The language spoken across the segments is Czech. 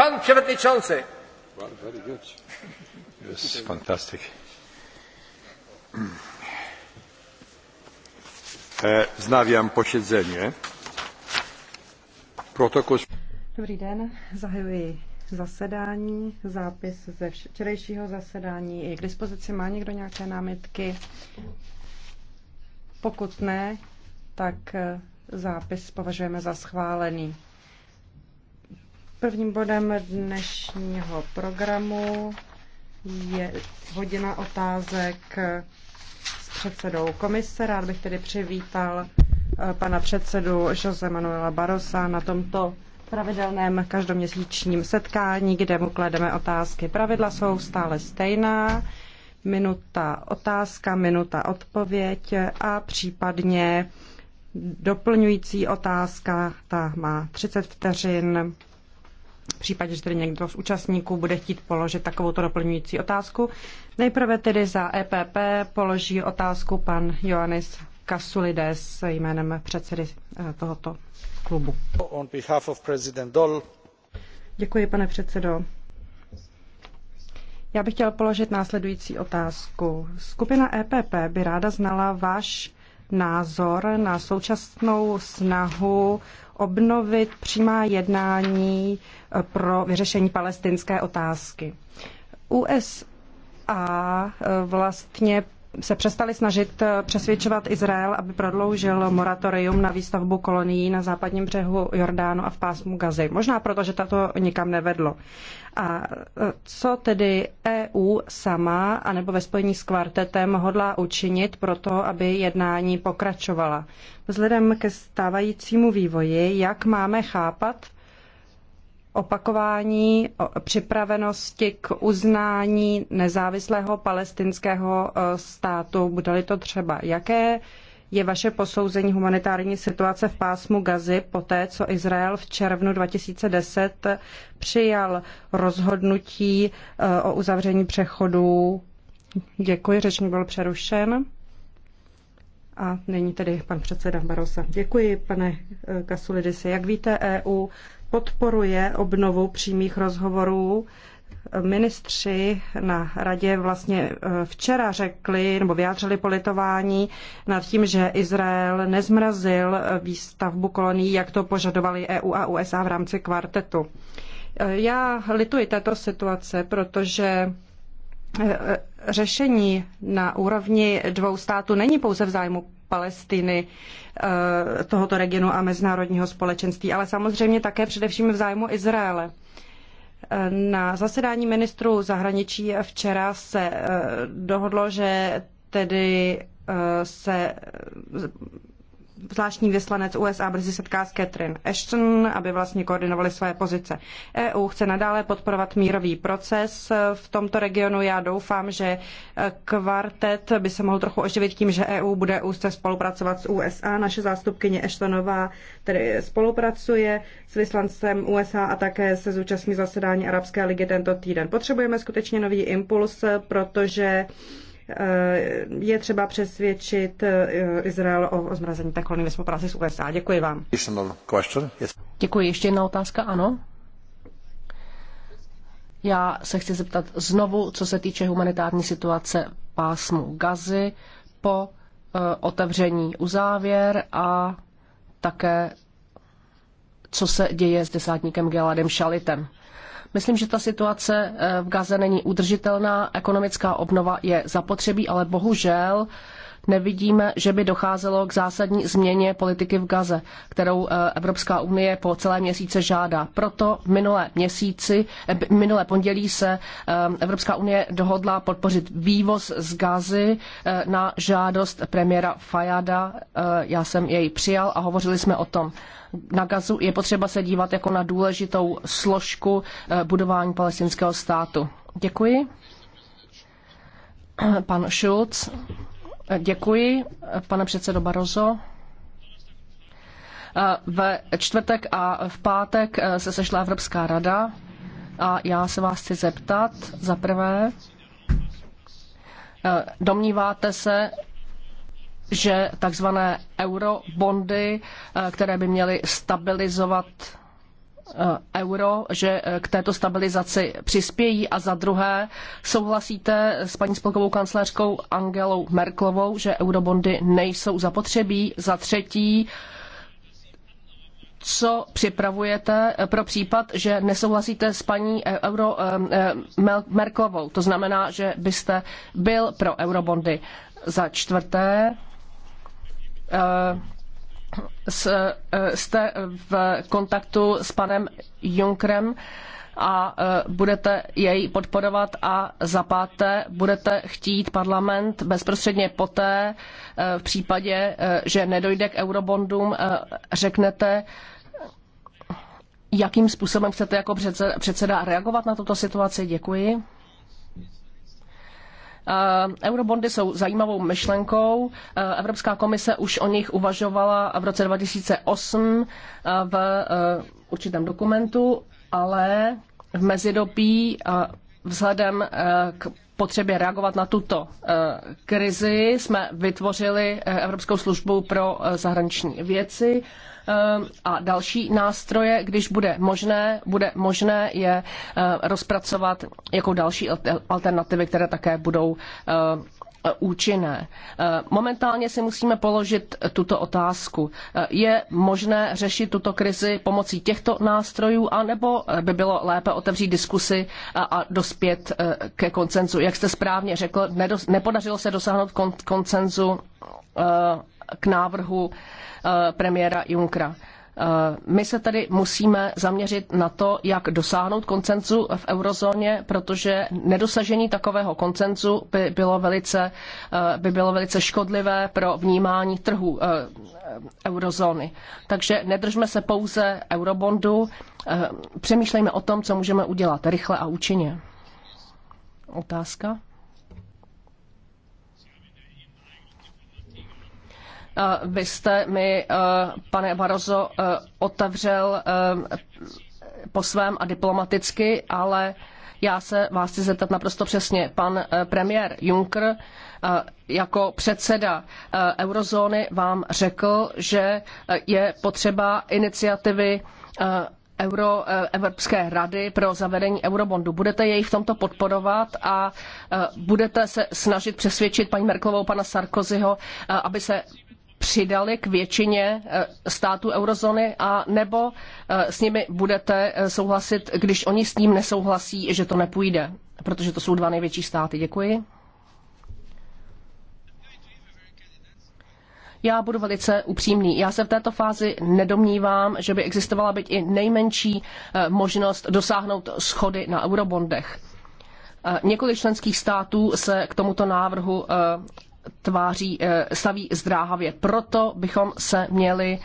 Pan przewodniczący. E, Znawiam posiedzenie. Protokol... Dobrý den, zahajuji zasedání, zápis ze včerejšího zasedání je k dispozici. Má někdo nějaké námitky? Pokud ne, tak e, zápis považujeme za schválený. Prvním bodem dnešního programu je hodina otázek s předsedou komise. Rád bych tedy přivítal eh, pana předsedu Jose Manuela Barosa na tomto pravidelném každoměsíčním setkání, kde mu klademe otázky. Pravidla jsou stále stejná. Minuta otázka, minuta odpověď a případně doplňující otázka, ta má 30 vteřin v případě, že tedy někdo z účastníků bude chtít položit takovouto doplňující otázku. Nejprve tedy za EPP položí otázku pan Ioannis Kasulides jménem předsedy eh, tohoto klubu. On behalf of President Dol. Děkuji, pane předsedo. Já bych chtěl položit následující otázku. Skupina EPP by ráda znala váš názor na současnou snahu obnovit přímá jednání eh, pro vyřešení palestinské otázky. USA eh, vlastně se přestali snažit eh, přesvědčovat Izrael, aby prodloužil moratorium na výstavbu kolonií na západním břehu Jordánu a v pásmu Gazy. Možná proto, že tato nikam nevedlo. A eh, co tedy EU sama, anebo ve spojení s kvartetem, hodlá učinit pro to, aby jednání pokračovala? Vzhledem ke stávajícímu vývoji, jak máme chápat opakování připravenosti k uznání nezávislého palestinského e, státu, bude-li to třeba. Jaké je vaše posouzení humanitární situace v pásmu Gazy poté, co Izrael v červnu 2010 přijal rozhodnutí e, o uzavření přechodů? Děkuji, řečník byl přerušen. A nyní tedy pan předseda Barosa. Děkuji, pane e, Kasulidisi. Jak víte, EU podporuje obnovu přímých rozhovorů. Ministři na radě vlastně eh, včera řekli nebo vyjádřili politování nad tím, že Izrael nezmrazil eh, výstavbu kolonií, jak to požadovali EU a USA v rámci kvartetu. Eh, já lituji této situace, protože řešení na úrovni dvou států není pouze v zájmu Palestiny, eh, tohoto regionu a mezinárodního společenství, ale samozřejmě také především v zájmu Izraele. Eh, na zasedání ministrů zahraničí včera se eh, dohodlo, že tedy se zvláštní vyslanec USA brzy setká s Catherine Ashton, aby vlastně koordinovali své pozice. EU chce nadále podporovat mírový proces v tomto regionu. Já doufám, že e, kvartet by se mohl trochu oživit tím, že EU bude úzce spolupracovat s USA. Naše zástupkyně Ashtonová tedy spolupracuje s vyslancem USA a také se zúčastní zasedání Arabské ligy tento týden. Potřebujeme skutečně nový impuls, protože Eh, je třeba přesvědčit eh, Izrael o zmrazení té kolony ve spolupráci s USA. Děkuji vám. Děkuji. Ještě jedna otázka, ano? Já se chci zeptat znovu, co se týče humanitární situace pásmu Gazy po eh, otevření uzávěr a také co se děje s desátníkem Geladem Šalitem. Myslím, že ta situace eh, v Gaze není udržitelná, ekonomická obnova je zapotřebí, ale bohužel nevidíme, že by docházelo k zásadní změně politiky v Gaze, kterou eh, Evropská unie po celé měsíce žádá. Proto minulé měsíci, eh, minulé pondělí se eh, Evropská unie dohodla podpořit vývoz z Gazy na žádost premiéra Fajada. Já jsem jej přijal a hovořili jsme o tom. Na Gazu je potřeba se dívat jako na důležitou složku budování palestinského státu. Děkuji. Pan Schulz. Děkuji, pane předsedo Barozo. Ve čtvrtek a v pátek se sešla Evropská rada a já se vás chci zeptat za prvé, e, domníváte se, že takzvané eurobondy, e, které by měly stabilizovat Eh, euro, že eh, k této stabilizaci přispějí a za druhé souhlasíte s paní spolkovou kancléřkou Angelou Merklovou, že eurobondy nejsou zapotřebí, za třetí co připravujete eh, pro případ, že nesouhlasíte s paní euro, Merklovou. To znamená, že byste byl pro eurobondy. Za čtvrté, Eh, jste v kontaktu s panem Junkrem a eh, budete jej podporovat a za páté budete chtít parlament bezprostředně poté eh, v případě, že nedojde k eurobondům, řeknete, jakým způsobem chcete jako předseda reagovat na tuto situaci. Děkuji. Eurobondy jsou zajímavou myšlenkou. Evropská komise už o nich uvažovala v roce 2008 v e, určitém dokumentu, ale v mezidobí a vzhledem e, k potřebě reagovat na tuto eh, krizi jsme vytvořili eh, Evropskou službu pro eh, zahraniční věci a další nástroje, když bude možné, bude možné je rozpracovat jako další alternativy, které také budou účinné. E, momentálně si musíme položit tuto otázku. E, je možné řešit tuto krizi pomocí těchto nástrojů, anebo by bylo lépe otevřít diskusy a dospět e, ke koncenzu? Jak jste správně řekl, nepodařilo se dosáhnout koncenzu k návrhu premiéra Junckera. Eh, my se tedy musíme zaměřit na to, jak dosáhnout koncenzu v eurozóně, protože nedosažení takového koncenzu by bylo velice, eh, by bylo velice škodlivé pro vnímání trhu eh, eurozóny. Takže nedržme se pouze eurobondu, přemýšlejme o tom, co můžeme udělat rychle a účinně. Otázka? Eh, vy jste mi, eh, pane Barozo, eh, otevřel po svém a diplomaticky, ale já se vás chci zeptat naprosto přesně. Pan premiér Juncker jako předseda eurozóny vám řekl, že je potřeba iniciativy Euro, Evropské rady pro zavedení eurobondu. Budete jej v tomto podporovat a budete se snažit přesvědčit paní Merkelovou, pana Sarkozyho, aby se přidali k většině eh, států eurozóny a nebo eh, s nimi budete eh, souhlasit, když oni s tím nesouhlasí, že to nepůjde, protože to jsou dva největší státy. Děkuji. Já budu velice upřímný. Já se v této fázi nedomnívám, že by existovala byť i nejmenší možnost dosáhnout schody na eurobondech. Několik členských států se k tomuto návrhu tváří, eh, staví zdráhavě. Proto bychom se měli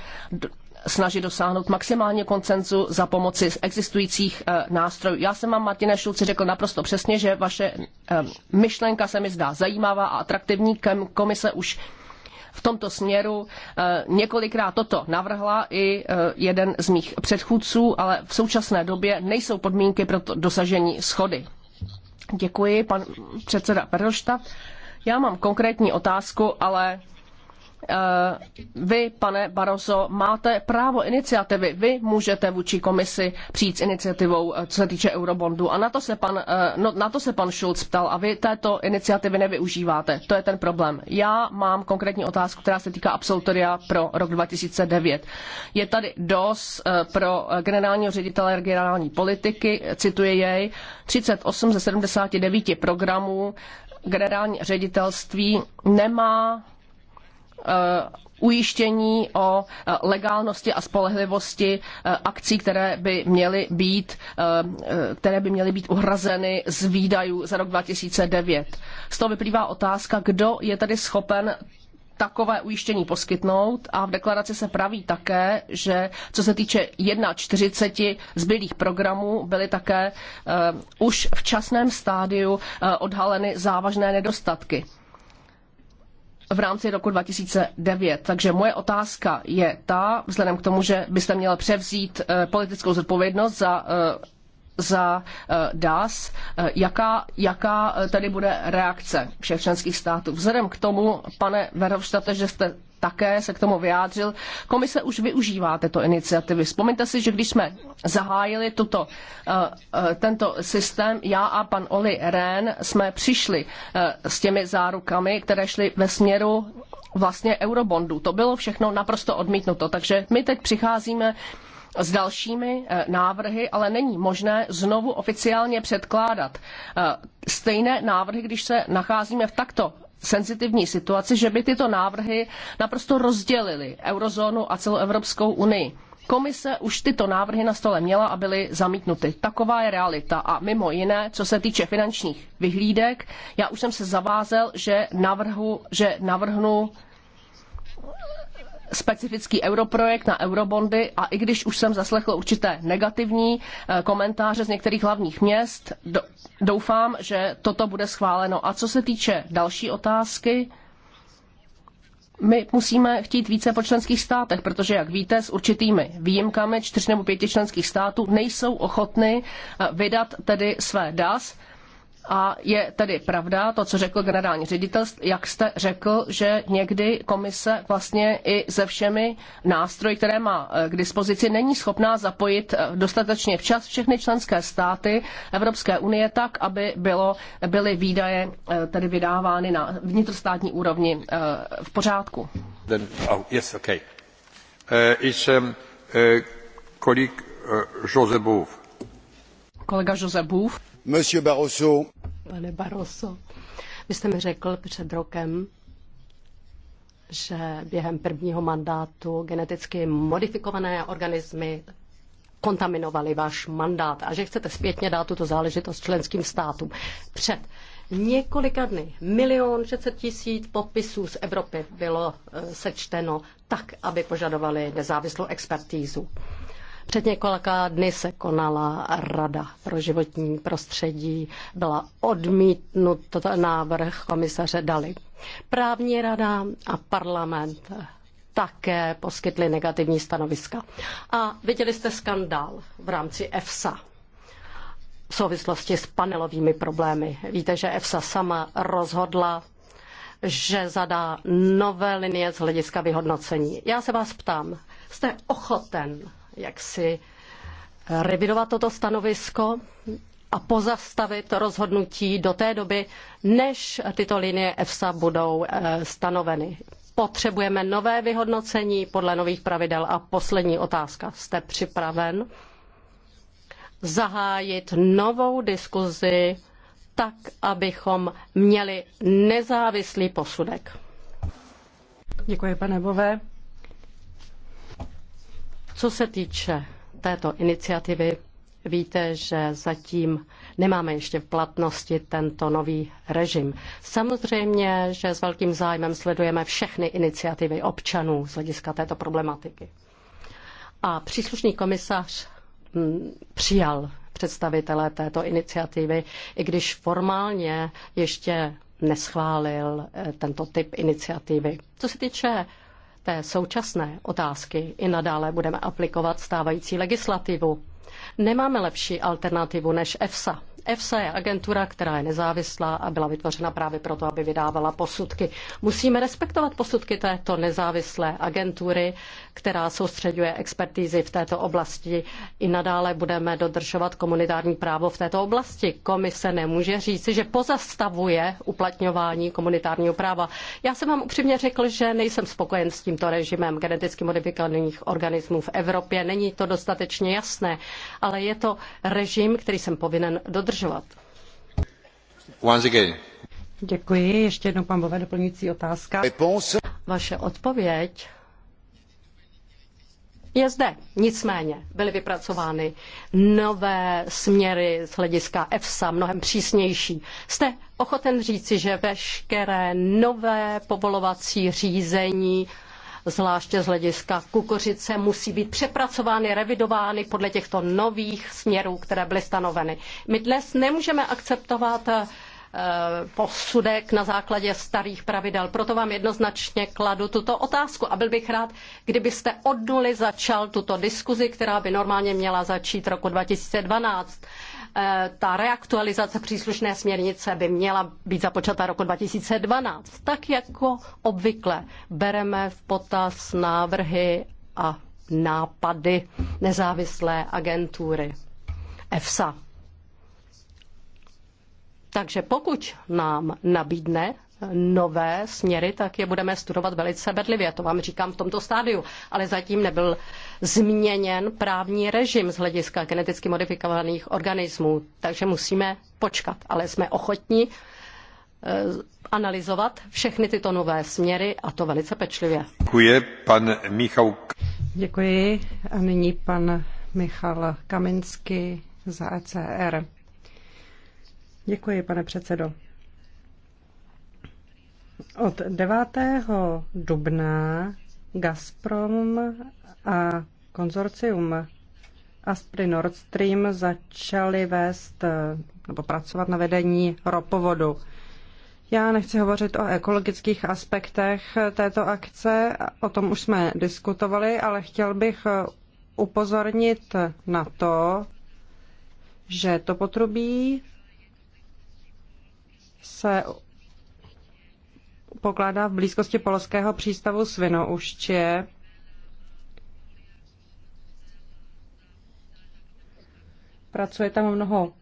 snažit dosáhnout maximálně koncenzu za pomoci existujících eh, nástrojů. Já jsem vám, Martine Šulci, řekl naprosto přesně, že vaše eh, myšlenka se mi zdá zajímavá a atraktivní. Komise už v tomto směru několikrát toto navrhla i jeden z mých předchůdců, ale v současné době nejsou podmínky pro dosažení schody. Děkuji, pan předseda Perlštat. Já mám konkrétní otázku, ale eh, vy, pane Barroso, máte právo iniciativy. Vy můžete vůči komisi přijít s iniciativou, eh, co se týče eurobondu. A na to se pan, eh, no, na to se pan Schulz ptal a vy této iniciativy nevyužíváte. To je ten problém. Já mám konkrétní otázku, která se týká absolutoria pro rok 2009. Je tady DOS pro generálního ředitele regionální politiky, cituje jej, 38 ze 79 programů generální ředitelství nemá eh, ujištění o eh, legálnosti a spolehlivosti eh, akcí, které by měly být, které by měly být uhrazeny z výdajů za rok 2009. Z toho vyplývá otázka, kdo je tedy schopen takové ujištění poskytnout a v deklaraci se praví také, že co se týče čtyřiceti zbylých programů, byly také uh, už v časném stádiu uh, odhaleny závažné nedostatky v rámci roku 2009. Takže moje otázka je ta, vzhledem k tomu, že byste měl převzít eh, politickou zodpovědnost za za eh, DAS, eh, jaká, jaká eh, tady bude reakce všech členských států. Vzhledem k tomu, pane Verhofstadte, že jste také se k tomu vyjádřil. Komise už využívá této iniciativy. Vzpomeňte si, že když jsme zahájili tuto, tento systém, já a pan Oli Rehn jsme přišli s těmi zárukami, které šly ve směru vlastně eurobondů. To bylo všechno naprosto odmítnuto. Takže my teď přicházíme s dalšími eh, návrhy, ale není možné znovu oficiálně předkládat eh, stejné návrhy, když se nacházíme v takto senzitivní situaci, že by tyto návrhy naprosto rozdělily eurozónu a celou Evropskou unii. Komise už tyto návrhy na stole měla a byly zamítnuty. Taková je realita. A mimo jiné, co se týče finančních vyhlídek, já už jsem se zavázal, že, navrhu, že navrhnu specifický europrojekt na eurobondy a i když už jsem zaslechl určité negativní eh, komentáře z některých hlavních měst, doufám, že toto bude schváleno. A co se týče další otázky, my musíme chtít více po členských státech, protože, jak víte, s určitými výjimkami čtyř nebo pěti členských států nejsou ochotny eh, vydat tedy své DAS a je tedy pravda to, co řekl generální ředitel, jak jste řekl, že někdy komise vlastně i se všemi nástroji, které má eh, k dispozici, není schopná zapojit eh, dostatečně včas všechny členské státy Evropské unie tak, aby bylo, byly výdaje eh, tedy vydávány na vnitrostátní úrovni v pořádku. Then, oh, yes, okay. uh, it's, um, uh, kolik, uh, Josebův. Kolega Monsieur Barroso, Pane Barroso, vy jste mi řekl před rokem, že během prvního mandátu geneticky modifikované organismy kontaminovali váš mandát a že chcete zpětně dát tuto záležitost členským státům. Před několika dny milion 600 tisíc podpisů z Evropy bylo eh, sečteno tak, aby požadovali nezávislou expertízu. Před několika dny se konala Rada pro životní prostředí, byla odmítnut návrh komisaře Dali. Právní rada a parlament také poskytli negativní stanoviska. A viděli jste skandál v rámci EFSA v souvislosti s panelovými problémy. Víte, že EFSA sama rozhodla že zadá nové linie z hlediska vyhodnocení. Já se vás ptám, jste ochoten jak si eh, revidovat toto stanovisko a pozastavit rozhodnutí do té doby, než tyto linie EFSA budou eh, stanoveny. Potřebujeme nové vyhodnocení podle nových pravidel. A poslední otázka. Jste připraven zahájit novou diskuzi tak, abychom měli nezávislý posudek? Děkuji, pane Bové. Co se týče této iniciativy, víte, že zatím nemáme ještě v platnosti tento nový režim. Samozřejmě, že s velkým zájmem sledujeme všechny iniciativy občanů z hlediska této problematiky. A příslušný komisař mm, přijal představitele této iniciativy, i když formálně ještě neschválil eh, tento typ iniciativy. Co se týče té současné otázky i nadále budeme aplikovat stávající legislativu. Nemáme lepší alternativu než EFSA. EFSA je agentura, která je nezávislá a byla vytvořena právě proto, aby vydávala posudky. Musíme respektovat posudky této nezávislé agentury, která soustředuje expertízy v této oblasti. I nadále budeme dodržovat komunitární právo v této oblasti. Komise nemůže říci, že pozastavuje uplatňování komunitárního práva. Já jsem vám upřímně řekl, že nejsem spokojen s tímto režimem geneticky modifikovaných organismů v Evropě. Není to dostatečně jasné, ale je to režim, který jsem povinen dodržovat dodržovat. Once again. Děkuji. Ještě jednou pan Bové, doplňující otázka. Vaše odpověď je zde. Nicméně byly vypracovány nové směry z hlediska EFSA, mnohem přísnější. Jste ochoten říci, že veškeré nové povolovací řízení zvláště z hlediska kukuřice, musí být přepracovány, revidovány podle těchto nových směrů, které byly stanoveny. My dnes nemůžeme akceptovat eh, posudek na základě starých pravidel. Proto vám jednoznačně kladu tuto otázku a byl bych rád, kdybyste od nuly začal tuto diskuzi, která by normálně měla začít roku 2012. Eh, ta reaktualizace příslušné směrnice by měla být započata roku 2012. Tak jako obvykle bereme v potaz návrhy a nápady nezávislé agentury EFSA. Takže pokud nám nabídne nové směry, tak je budeme studovat velice bedlivě, to vám říkám v tomto stádiu. Ale zatím nebyl změněn právní režim z hlediska geneticky modifikovaných organismů, takže musíme počkat, ale jsme ochotní eh, analyzovat všechny tyto nové směry a to velice pečlivě. Děkuji, pan Michal. Děkuji a nyní pan Michal Kaminsky za ECR. Děkuji, pane předsedo. Od 9. dubna Gazprom a konzorcium Aspri Nord Stream začali vést nebo pracovat na vedení ropovodu. Já nechci hovořit o ekologických aspektech této akce, o tom už jsme diskutovali, ale chtěl bych upozornit na to, že to potrubí se pokládá v blízkosti polského přístavu Svinouště. Pracuje tam mnoho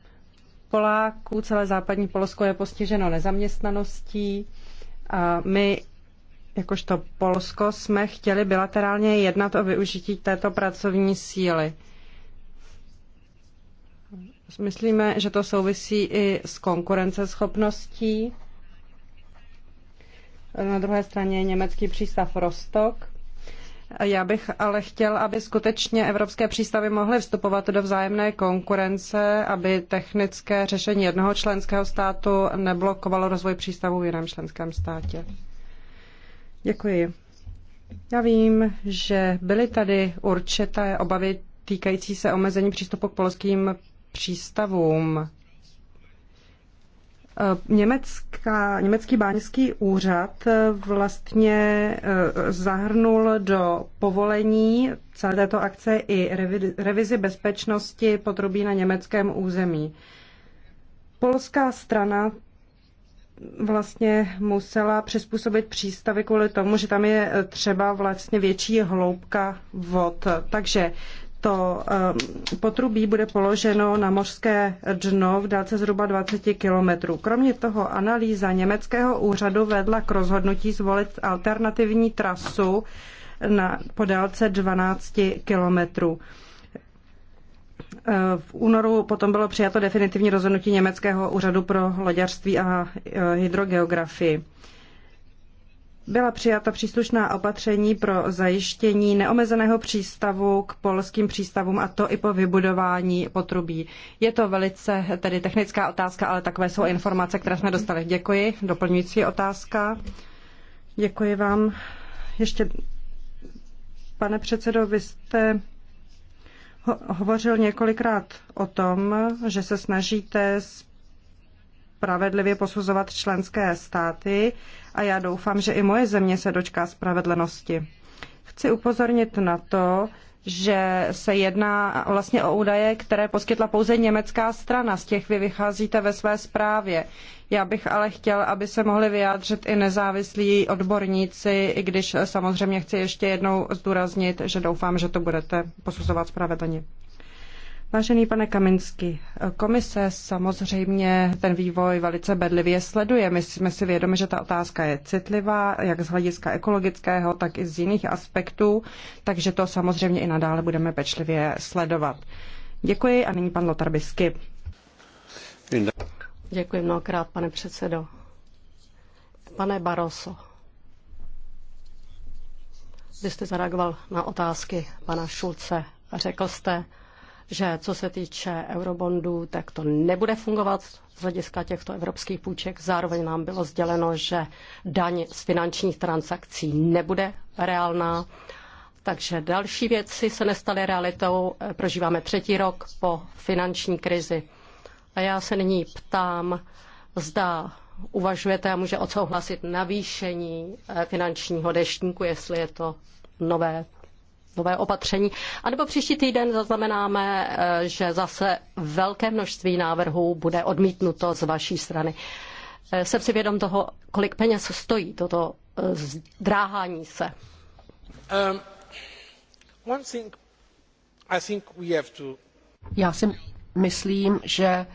Poláků, celé západní Polsko je postiženo nezaměstnaností a my jakožto Polsko jsme chtěli bilaterálně jednat o využití této pracovní síly. Myslíme, že to souvisí i s konkurenceschopností na druhé straně je německý přístav Rostock. Já bych ale chtěl, aby skutečně evropské přístavy mohly vstupovat do vzájemné konkurence, aby technické řešení jednoho členského státu neblokovalo rozvoj přístavů v jiném členském státě. Děkuji. Já vím, že byly tady určité obavy týkající se omezení přístupu k polským přístavům. Eh, německá, německý báňský úřad eh, vlastně eh, zahrnul do povolení celé této akce i revizi bezpečnosti potrubí na německém území. Polská strana vlastně musela přizpůsobit přístavy kvůli tomu, že tam je třeba vlastně větší hloubka vod. Takže to eh, potrubí bude položeno na mořské dno v délce zhruba 20 kilometrů. Kromě toho analýza německého úřadu vedla k rozhodnutí zvolit alternativní trasu na, po délce 12 kilometrů. Eh, v únoru potom bylo přijato definitivní rozhodnutí Německého úřadu pro loďařství a eh, hydrogeografii byla přijata příslušná opatření pro zajištění neomezeného přístavu k polským přístavům a to i po vybudování potrubí. Je to velice tedy technická otázka, ale takové jsou informace, které jsme dostali. Děkuji. Doplňující otázka. Děkuji vám. Ještě, pane předsedo, vy jste ho- hovořil několikrát o tom, že se snažíte spravedlivě posuzovat členské státy a já doufám, že i moje země se dočká spravedlnosti. Chci upozornit na to, že se jedná vlastně o údaje, které poskytla pouze německá strana. Z těch vy vycházíte ve své zprávě. Já bych ale chtěl, aby se mohli vyjádřit i nezávislí odborníci, i když samozřejmě chci ještě jednou zdůraznit, že doufám, že to budete posuzovat spravedlně. Vážený pane Kaminsky, komise samozřejmě ten vývoj velice bedlivě sleduje. My jsme si vědomi, že ta otázka je citlivá, jak z hlediska ekologického, tak i z jiných aspektů, takže to samozřejmě i nadále budeme pečlivě sledovat. Děkuji a nyní pan Lotar Bisky. Děkuji mnohokrát, pane předsedo. Pane Baroso, vy jste zareagoval na otázky pana Šulce a řekl jste, že co se týče eurobondů, tak to nebude fungovat z hlediska těchto evropských půjček. Zároveň nám bylo sděleno, že daň z finančních transakcí nebude reálná. Takže další věci se nestaly realitou. Prožíváme třetí rok po finanční krizi. A já se nyní ptám, zda uvažujete a může odsouhlasit navýšení eh, finančního deštníku, jestli je to nové nové opatření. A nebo příští týden zaznamenáme, eh, že zase velké množství návrhů bude odmítnuto z vaší strany. Eh, jsem si vědom toho, kolik peněz stojí toto eh, zdráhání se. Um, one thing I think we have to... Já si myslím, že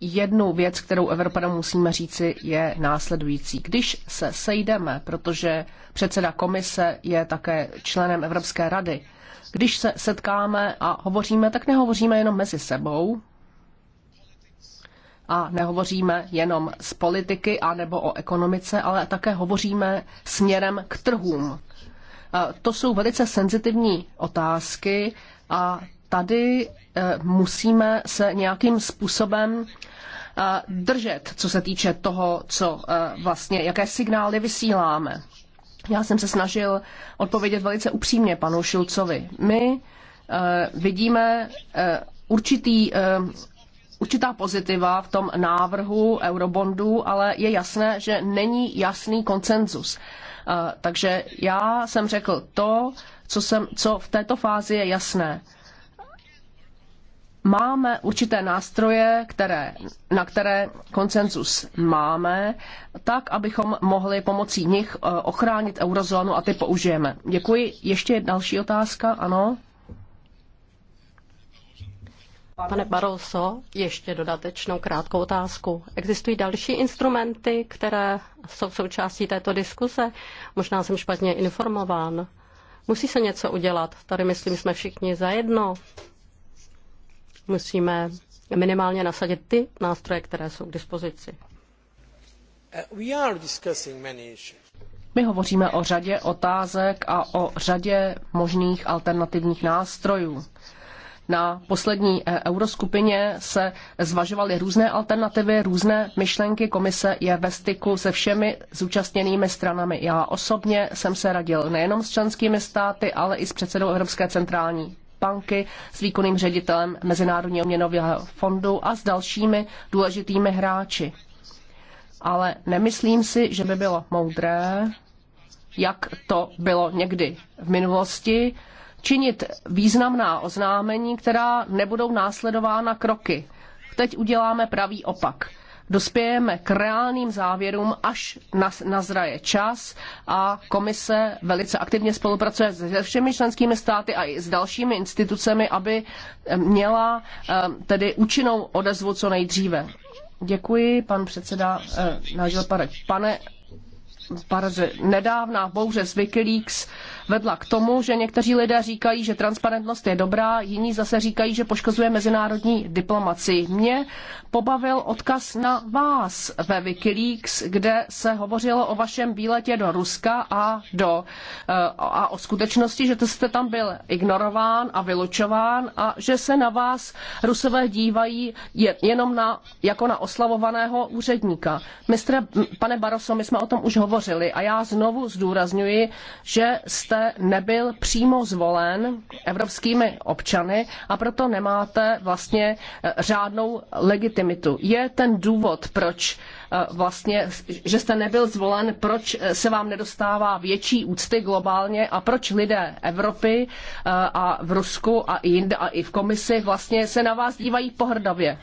jednu věc, kterou Evropanům musíme říci, je následující. Když se sejdeme, protože předseda komise je také členem Evropské rady, když se setkáme a hovoříme, tak nehovoříme jenom mezi sebou a nehovoříme jenom z politiky a nebo o ekonomice, ale také hovoříme směrem k trhům. To jsou velice senzitivní otázky a tady eh, musíme se nějakým způsobem eh, držet, co se týče toho, co eh, vlastně, jaké signály vysíláme. Já jsem se snažil odpovědět velice upřímně panu Šilcovi. My vidíme určitý určitá pozitiva v tom návrhu eurobondů, ale je jasné, že není jasný konsenzus. Takže já jsem řekl to, co, jsem, co v této fázi je jasné máme určité nástroje, které, na které koncensus máme, tak, abychom mohli pomocí nich eh, ochránit eurozónu a ty použijeme. Děkuji. Ještě další otázka, ano? Pane Barroso, ještě dodatečnou krátkou otázku. Existují další instrumenty, které jsou součástí této diskuse? Možná jsem špatně informován. Musí se něco udělat. Tady myslím, jsme všichni zajedno musíme minimálně nasadit ty nástroje, které jsou k dispozici. Uh, My hovoříme o řadě otázek a o řadě možných alternativních nástrojů. Na poslední eh, euroskupině se zvažovaly různé alternativy, různé myšlenky. Komise je ve styku se všemi zúčastněnými stranami. Já osobně jsem se radil nejenom s členskými státy, ale i s předsedou Evropské centrální banky, s výkonným ředitelem Mezinárodního měnového fondu a s dalšími důležitými hráči. Ale nemyslím si, že by bylo moudré, jak to bylo někdy v minulosti, činit významná oznámení, která nebudou následována kroky. Teď uděláme pravý opak dospějeme k reálným závěrům, až nazraje čas a komise velice aktivně spolupracuje se všemi členskými státy a i s dalšími institucemi, aby eh, měla eh, tedy účinnou odezvu co nejdříve. Děkuji, pan předseda eh, Nigel Pane barze, nedávná bouře z Wikileaks vedla k tomu, že někteří lidé říkají, že transparentnost je dobrá, jiní zase říkají, že poškozuje mezinárodní diplomaci. Mě pobavil odkaz na vás ve Wikileaks, kde se hovořilo o vašem výletě do Ruska a, do, eh, a o skutečnosti, že jste tam byl ignorován a vylučován a že se na vás Rusové dívají jenom na, jako na oslavovaného úředníka. Mistr, pane Baroso, my jsme o tom už hovořili hovořili. A já znovu zdůrazňuji, že jste nebyl přímo zvolen evropskými občany a proto nemáte vlastně eh, řádnou legitimitu. Je ten důvod, proč eh, vlastně, že jste nebyl zvolen, proč eh, se vám nedostává větší úcty globálně a proč lidé Evropy a v Rusku a jinde a i v komisi vlastně se na vás dívají pohrdavě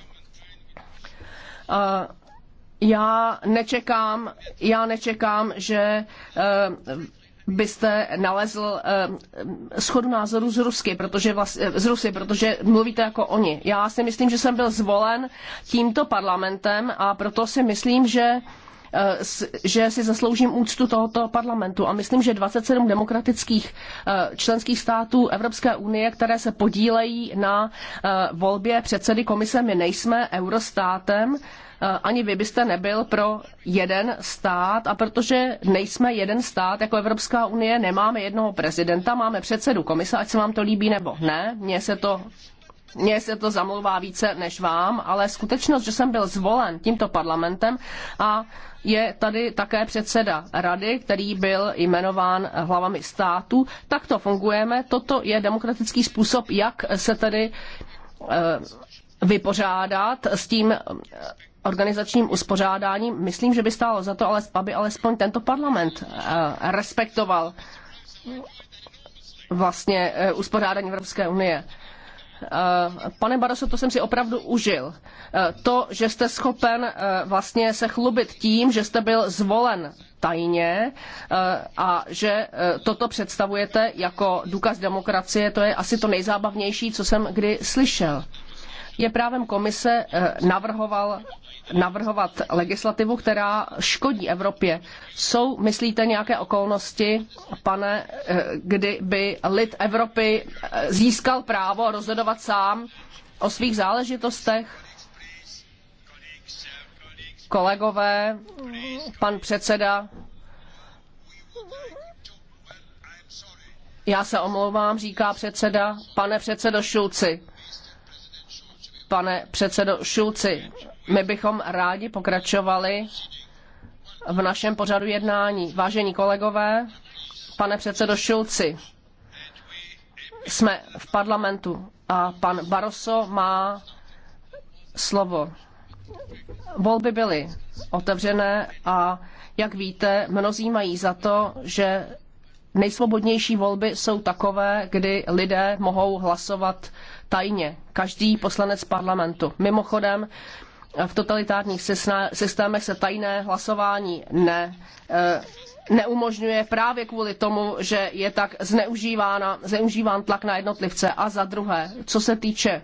já nečekám, já nečekám, že eh, byste nalezl eh, schodu názoru z Rusky, protože vlast, eh, z Rusy, protože mluvíte jako oni. Já si myslím, že jsem byl zvolen tímto parlamentem a proto si myslím, že že si zasloužím úctu tohoto parlamentu. A myslím, že 27 demokratických členských států Evropské unie, které se podílejí na volbě předsedy komise, my nejsme eurostátem, Eh, ani vy byste nebyl pro jeden stát a protože nejsme jeden stát jako Evropská unie, nemáme jednoho prezidenta, máme předsedu komise, ať se vám to líbí nebo ne, mně se to mně se to zamlouvá více než vám, ale skutečnost, že jsem byl zvolen tímto parlamentem a je tady také předseda rady, který byl jmenován hlavami států, tak to fungujeme. Toto je demokratický způsob, jak se tedy eh, vypořádat s tím organizačním uspořádáním, myslím, že by stálo za to, aby alespoň tento parlament eh, respektoval vlastně eh, uspořádání Evropské unie. Eh, pane Baroso, to jsem si opravdu užil. To, že jste schopen vlastně se chlubit tím, že jste byl zvolen tajně a že toto představujete jako důkaz demokracie, to je asi to nejzábavnější, co jsem kdy slyšel. Je právem komise navrhoval, navrhovat legislativu, která škodí Evropě. Jsou, myslíte, nějaké okolnosti, pane, eh, kdy by lid Evropy eh, získal právo rozhodovat sám o svých záležitostech? Kolegové, pan předseda, já se omlouvám, říká předseda, pane předsedo Šulci. Pane předsedo Šulci, my bychom rádi pokračovali v našem pořadu jednání. Vážení kolegové, pane předsedo Šulci, jsme v parlamentu a pan Barroso má slovo. Volby byly otevřené a, jak víte, mnozí mají za to, že nejsvobodnější volby jsou takové, kdy lidé mohou hlasovat tajně. Každý poslanec parlamentu. Mimochodem, v totalitárních systémech se tajné hlasování ne, e, neumožňuje právě kvůli tomu, že je tak zneužívána, zneužíván tlak na jednotlivce. A za druhé, co se týče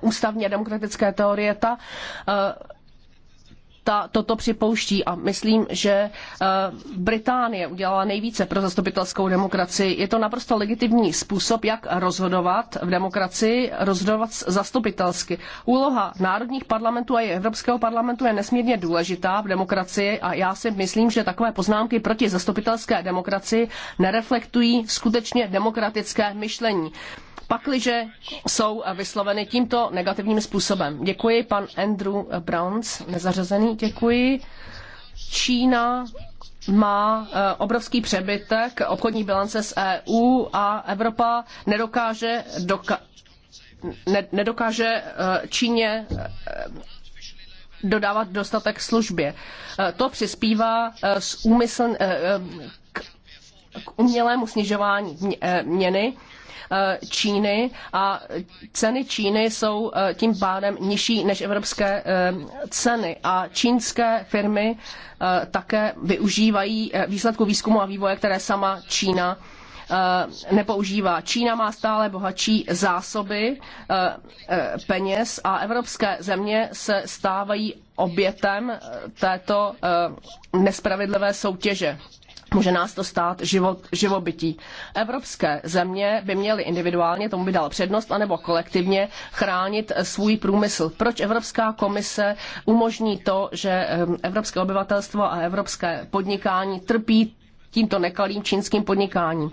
ústavně demokratické teorie, ta e, ta, toto připouští a myslím, že eh, Británie udělala nejvíce pro zastupitelskou demokracii. Je to naprosto legitimní způsob, jak rozhodovat v demokracii, rozhodovat zastupitelsky. Úloha národních parlamentů a i Evropského parlamentu je nesmírně důležitá v demokracii a já si myslím, že takové poznámky proti zastupitelské demokracii nereflektují skutečně demokratické myšlení pakliže jsou vysloveny tímto negativním způsobem. Děkuji pan Andrew Browns, nezařazený. Děkuji. Čína má eh, obrovský přebytek obchodní bilance s EU a Evropa nedokáže, doka- ne- nedokáže eh, Číně eh, dodávat dostatek službě. To přispívá s úmysl- k umělému snižování měny Eh, Číny a ceny Číny jsou eh, tím pádem nižší než evropské eh, ceny a čínské firmy také využívají výsledku výzkumu a vývoje, které sama Čína nepoužívá. Čína má stále bohatší zásoby peněz a evropské země se stávají obětem této nespravedlivé soutěže. Může nás to stát život, živobytí. Evropské země by měly individuálně, tomu by dal přednost, anebo kolektivně chránit svůj průmysl. Proč Evropská komise umožní to, že evropské obyvatelstvo a evropské podnikání trpí tímto nekalým čínským podnikáním?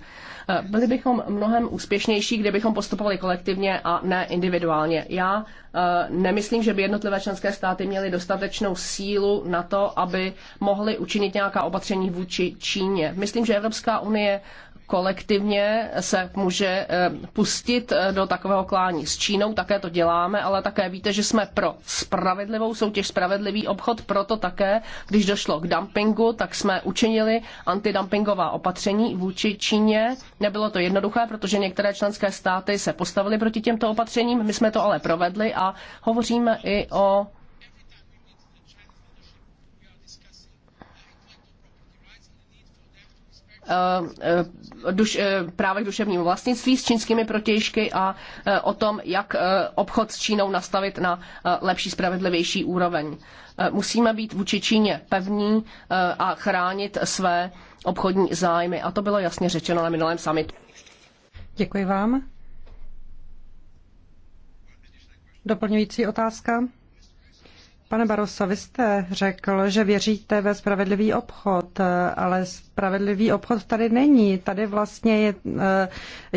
Byli bychom mnohem úspěšnější, kdybychom postupovali kolektivně a ne individuálně. Já eh, nemyslím, že by jednotlivé členské státy měly dostatečnou sílu na to, aby mohly učinit nějaká opatření vůči Číně. Myslím, že Evropská unie kolektivně se může eh, pustit eh, do takového klání s Čínou, také to děláme, ale také víte, že jsme pro spravedlivou soutěž, spravedlivý obchod, proto také, když došlo k dumpingu, tak jsme učinili antidumpingová opatření vůči Číně. Nebylo to jednoduché, protože některé členské státy se postavily proti těmto opatřením, my jsme to ale provedli a hovoříme i o Eh, duš, eh, právech duševního vlastnictví s čínskými protějšky a eh, o tom, jak obchod s Čínou nastavit na lepší, spravedlivější úroveň. Musíme být vůči Číně pevní a chránit své obchodní zájmy. A to bylo jasně řečeno na minulém summitu. Děkuji vám. Doplňující otázka. Pane Baroso, vy jste řekl, že věříte ve spravedlivý obchod, ale spravedlivý obchod tady není. Tady vlastně je, eh,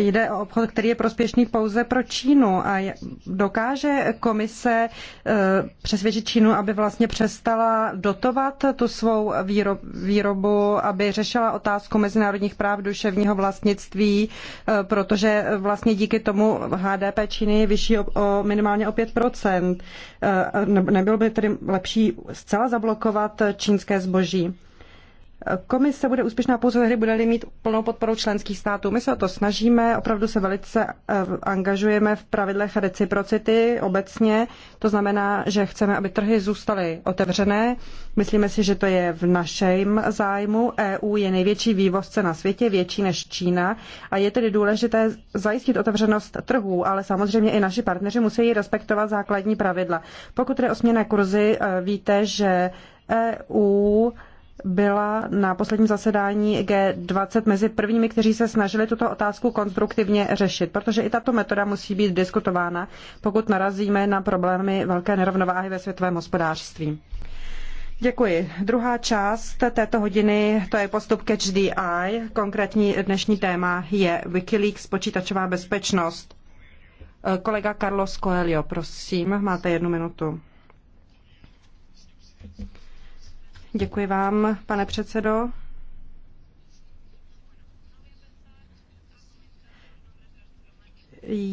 jde o obchod, který je prospěšný pouze pro Čínu. A dokáže komise eh, přesvědčit Čínu, aby vlastně přestala dotovat tu svou výrobu, aby řešila otázku mezinárodních práv duševního vlastnictví, eh, protože vlastně díky tomu HDP Číny je vyšší o, o minimálně o 5%. Nebyl by tedy lepší zcela zablokovat čínské zboží? Komise bude úspěšná pouze tehdy, bude-li mít plnou podporu členských států. My se o to snažíme, opravdu se velice eh, angažujeme v pravidlech reciprocity obecně. To znamená, že chceme, aby trhy zůstaly otevřené. Myslíme si, že to je v našem zájmu. EU je největší vývozce na světě, větší než Čína a je tedy důležité zajistit otevřenost trhů, ale samozřejmě i naši partneři musí respektovat základní pravidla. Pokud jde o směné kurzy, eh, víte, že EU byla na posledním zasedání G20 mezi prvními, kteří se snažili tuto otázku konstruktivně řešit, protože i tato metoda musí být diskutována, pokud narazíme na problémy velké nerovnováhy ve světovém hospodářství. Děkuji. Druhá část této hodiny, to je postup Catch the Eye. Konkrétní dnešní téma je Wikileaks, počítačová bezpečnost. Kolega Carlos Coelho, prosím, máte jednu minutu. Děkuji vám, pane předsedo.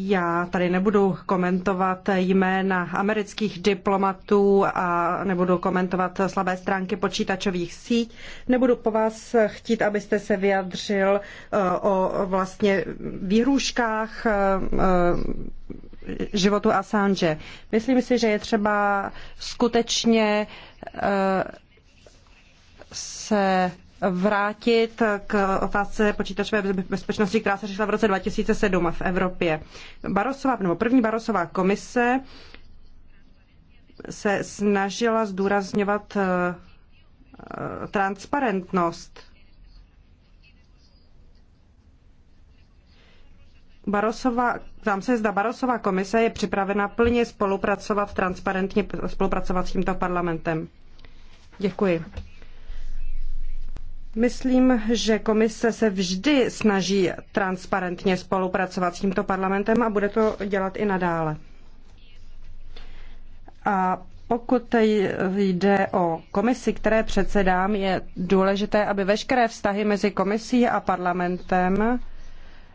Já tady nebudu komentovat jména amerických diplomatů a nebudu komentovat slabé stránky počítačových sítí. Nebudu po vás chtít, abyste se vyjadřil eh, o vlastně výhruškách eh, životu Assange. Myslím si, že je třeba skutečně eh, se vrátit k otázce počítačové bezpečnosti, která se řešila v roce 2007 v Evropě. Barosová, nebo první Barosová komise se snažila zdůrazňovat eh, transparentnost. Barosova, tam se zda Barosová komise je připravena plně spolupracovat, transparentně spolupracovat s tímto parlamentem. Děkuji. Myslím, že komise se vždy snaží transparentně spolupracovat s tímto parlamentem a bude to dělat i nadále. A pokud jde o komisi, které předsedám, je důležité, aby veškeré vztahy mezi komisí a parlamentem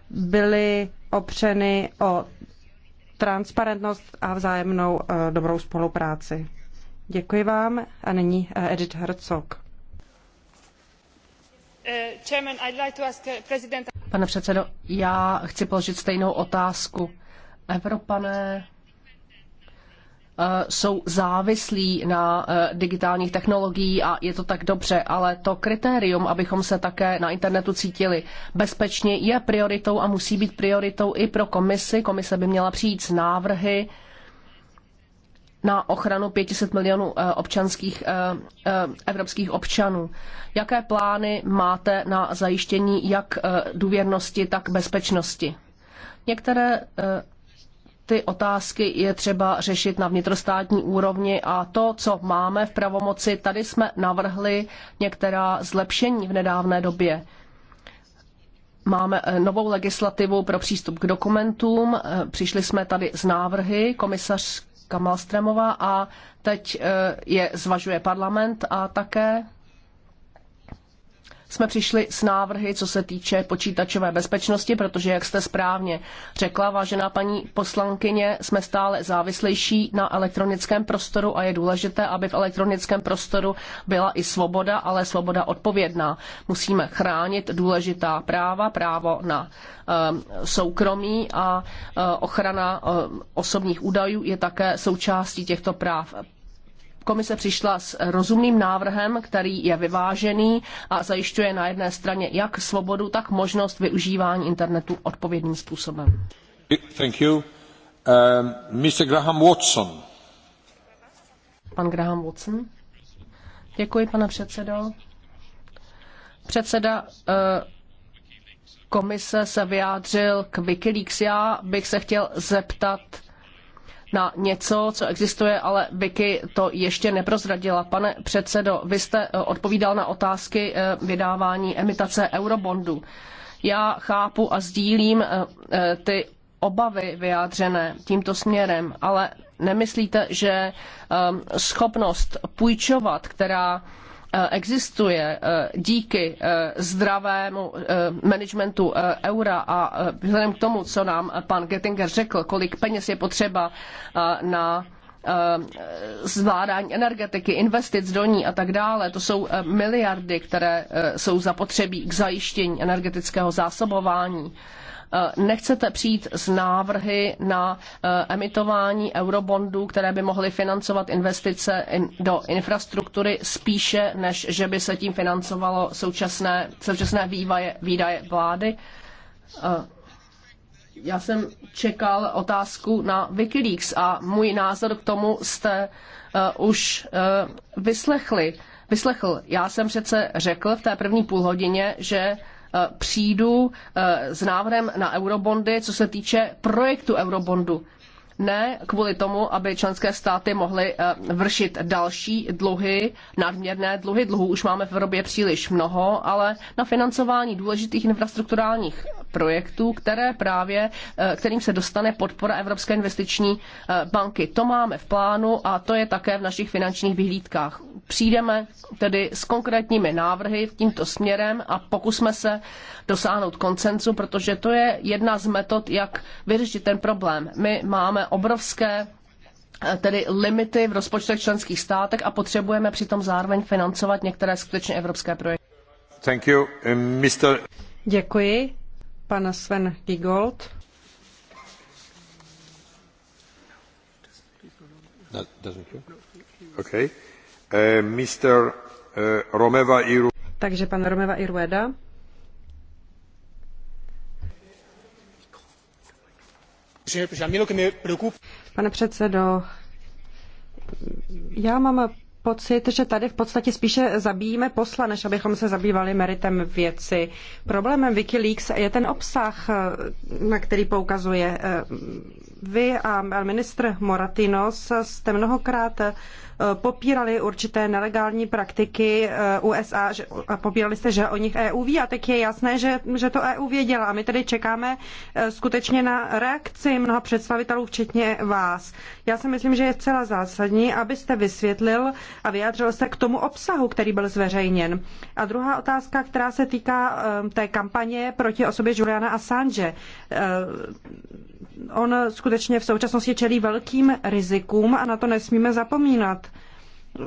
byly opřeny o transparentnost a vzájemnou eh, dobrou spolupráci. Děkuji vám a nyní eh, Edith Herzog. Uh, Pane předsedo, já chci položit stejnou otázku. Evropané eh, jsou závislí na eh, digitálních technologií a je to tak dobře, ale to kritérium, abychom se také na internetu cítili bezpečně, je prioritou a musí být prioritou i pro komisi. Komise by měla přijít s návrhy, na ochranu 500 milionů eh, občanských, eh, eh, evropských občanů. Jaké plány máte na zajištění jak důvěrnosti, tak bezpečnosti? Některé ty otázky je třeba řešit na vnitrostátní úrovni a to, co máme v pravomoci, tady jsme navrhli některá zlepšení v nedávné době. Máme novou legislativu pro přístup k dokumentům, přišli jsme tady s návrhy, komisařské Malstremová a teď eh, je zvažuje parlament a také jsme přišli s návrhy, co se týče počítačové bezpečnosti, protože, jak jste správně řekla, vážená paní poslankyně, jsme stále závislejší na elektronickém prostoru a je důležité, aby v elektronickém prostoru byla i svoboda, ale svoboda odpovědná. Musíme chránit důležitá práva, právo na ehm, soukromí a e, ochrana e, osobních údajů je také součástí těchto práv komise přišla s rozumným návrhem, který je vyvážený a zajišťuje na jedné straně jak svobodu, tak možnost využívání internetu odpovědným způsobem. Thank you. Um, Mr. Graham Watson. Pan Graham Watson. Děkuji, pane předsedo. Předseda uh, komise se vyjádřil k Wikileaks. Já bych se chtěl zeptat, na něco, co existuje, ale Vicky to ještě neprozradila. Pane předsedo, vy jste eh, odpovídal na otázky eh, vydávání emitace eurobondů. Já chápu a sdílím eh, ty obavy vyjádřené tímto směrem, ale nemyslíte, že ehm, schopnost půjčovat, která Eh, existuje eh, díky eh, zdravému managementu eura a vzhledem k tomu, co nám pan Gettinger řekl, kolik peněz je potřeba na zvládání energetiky, investic do ní a tak dále. To jsou miliardy, které jsou zapotřebí k zajištění energetického zásobování Eh, nechcete přijít s návrhy na eh, emitování eurobondů, které by mohly financovat investice do infrastruktury spíše, než že by se tím financovalo současné, současné vývaje, výdaje vlády. Eh, já jsem čekal otázku na Wikileaks a můj názor k tomu jste uh, už uh, vyslechli. Vyslechl. Já jsem přece řekl v té první půlhodině, že uh, E, přijdu e, s návrhem na eurobondy, co se týče projektu eurobondu. Ne kvůli tomu, aby členské státy mohly e, vršit další dluhy, nadměrné dluhy. Dluhů už máme v Evropě příliš mnoho, ale na financování důležitých infrastrukturálních projektů, které právě, eh, kterým se dostane podpora Evropské investiční eh, banky. To máme v plánu a to je také v našich finančních vyhlídkách. Přijdeme tedy s konkrétními návrhy v tímto směrem a pokusme se dosáhnout koncenzu, protože to je jedna z metod, jak vyřešit ten problém. My máme obrovské eh, tedy limity v rozpočtech členských státek a potřebujeme přitom zároveň financovat některé skutečně evropské projekty. Thank you, Mr. Děkuji pan Sven Gigold. No, okay. Uh, Mr. Uh, Romeva Iru... Takže pan Romeva Irueda. Pane předsedo, já mám pocit, že tady v podstatě spíše zabíjíme posla, než abychom se zabývali meritem věci. Problémem Wikileaks je ten obsah, na který poukazuje eh, vy a ministr Moratinos jste mnohokrát eh, popírali určité nelegální praktiky eh, USA a popírali jste, že o nich EU ví a teď je jasné, že, že to EU věděla. A my tedy čekáme eh, skutečně na reakci mnoha představitelů, včetně vás. Já si myslím, že je zcela zásadní, abyste vysvětlil a vyjádřil se k tomu obsahu, který byl zveřejněn. A druhá otázka, která se týká té kampaně proti osobě Juliana Assange on skutečně v současnosti čelí velkým rizikům a na to nesmíme zapomínat.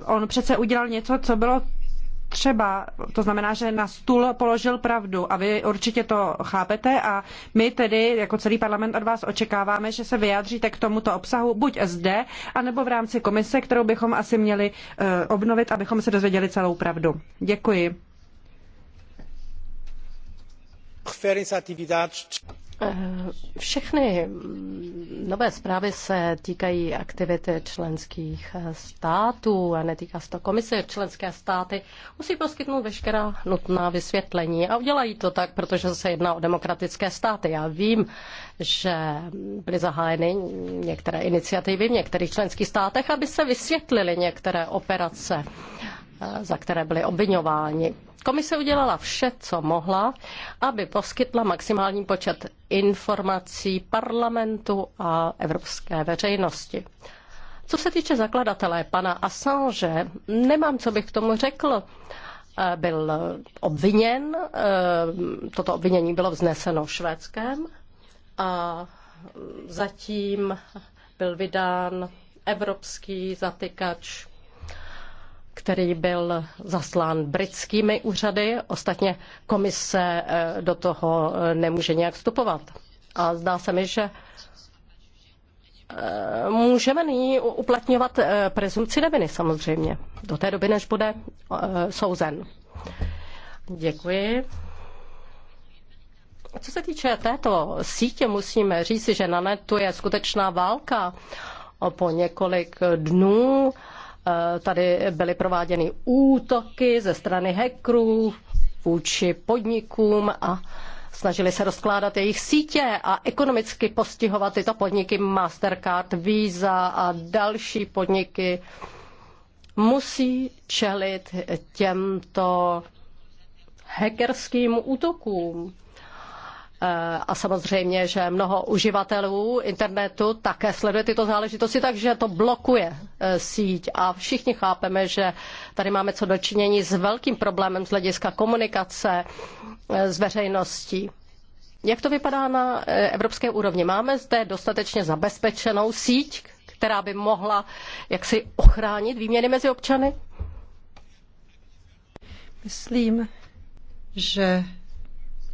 On přece udělal něco, co bylo třeba, to znamená, že na stůl položil pravdu a vy určitě to chápete a my tedy jako celý parlament od vás očekáváme, že se vyjádříte k tomuto obsahu buď zde, anebo v rámci komise, kterou bychom asi měli eh, obnovit, abychom se dozvěděli celou pravdu. Děkuji. Eh, všechny mm, nové zprávy se týkají aktivity členských eh, států a netýká se to komise. Členské státy musí poskytnout veškerá nutná vysvětlení a udělají to tak, protože se jedná o demokratické státy. Já vím, že byly zahájeny některé iniciativy v některých členských státech, aby se vysvětlily některé operace Eh, za které byli obvinováni. Komise udělala vše, co mohla, aby poskytla maximální počet informací parlamentu a evropské veřejnosti. Co se týče zakladatele pana Assange, nemám, co bych k tomu řekl. Eh, byl obviněn, eh, toto obvinění bylo vzneseno v Švédském a zatím byl vydán evropský zatykač který byl zaslán britskými úřady. Ostatně komise eh, do toho eh, nemůže nějak vstupovat. A zdá se mi, že eh, můžeme nyní uplatňovat prezumci neviny samozřejmě. Do té doby, než bude souzen. Děkuji. Co se týče této sítě, musíme říci, že na netu je skutečná válka. O po několik dnů Eh, tady byly prováděny útoky ze strany hackerů vůči podnikům a snažili se rozkládat jejich sítě a ekonomicky postihovat tyto podniky Mastercard, Visa a další podniky musí čelit těmto hackerským útokům. Eh, a samozřejmě, že mnoho uživatelů internetu také sleduje tyto záležitosti, takže to blokuje eh, síť a všichni chápeme, že tady máme co dočinění s velkým problémem z hlediska komunikace eh, s veřejností. Jak to vypadá na evropské úrovni? Máme zde dostatečně zabezpečenou síť, která by mohla jaksi ochránit výměny mezi občany? Myslím, že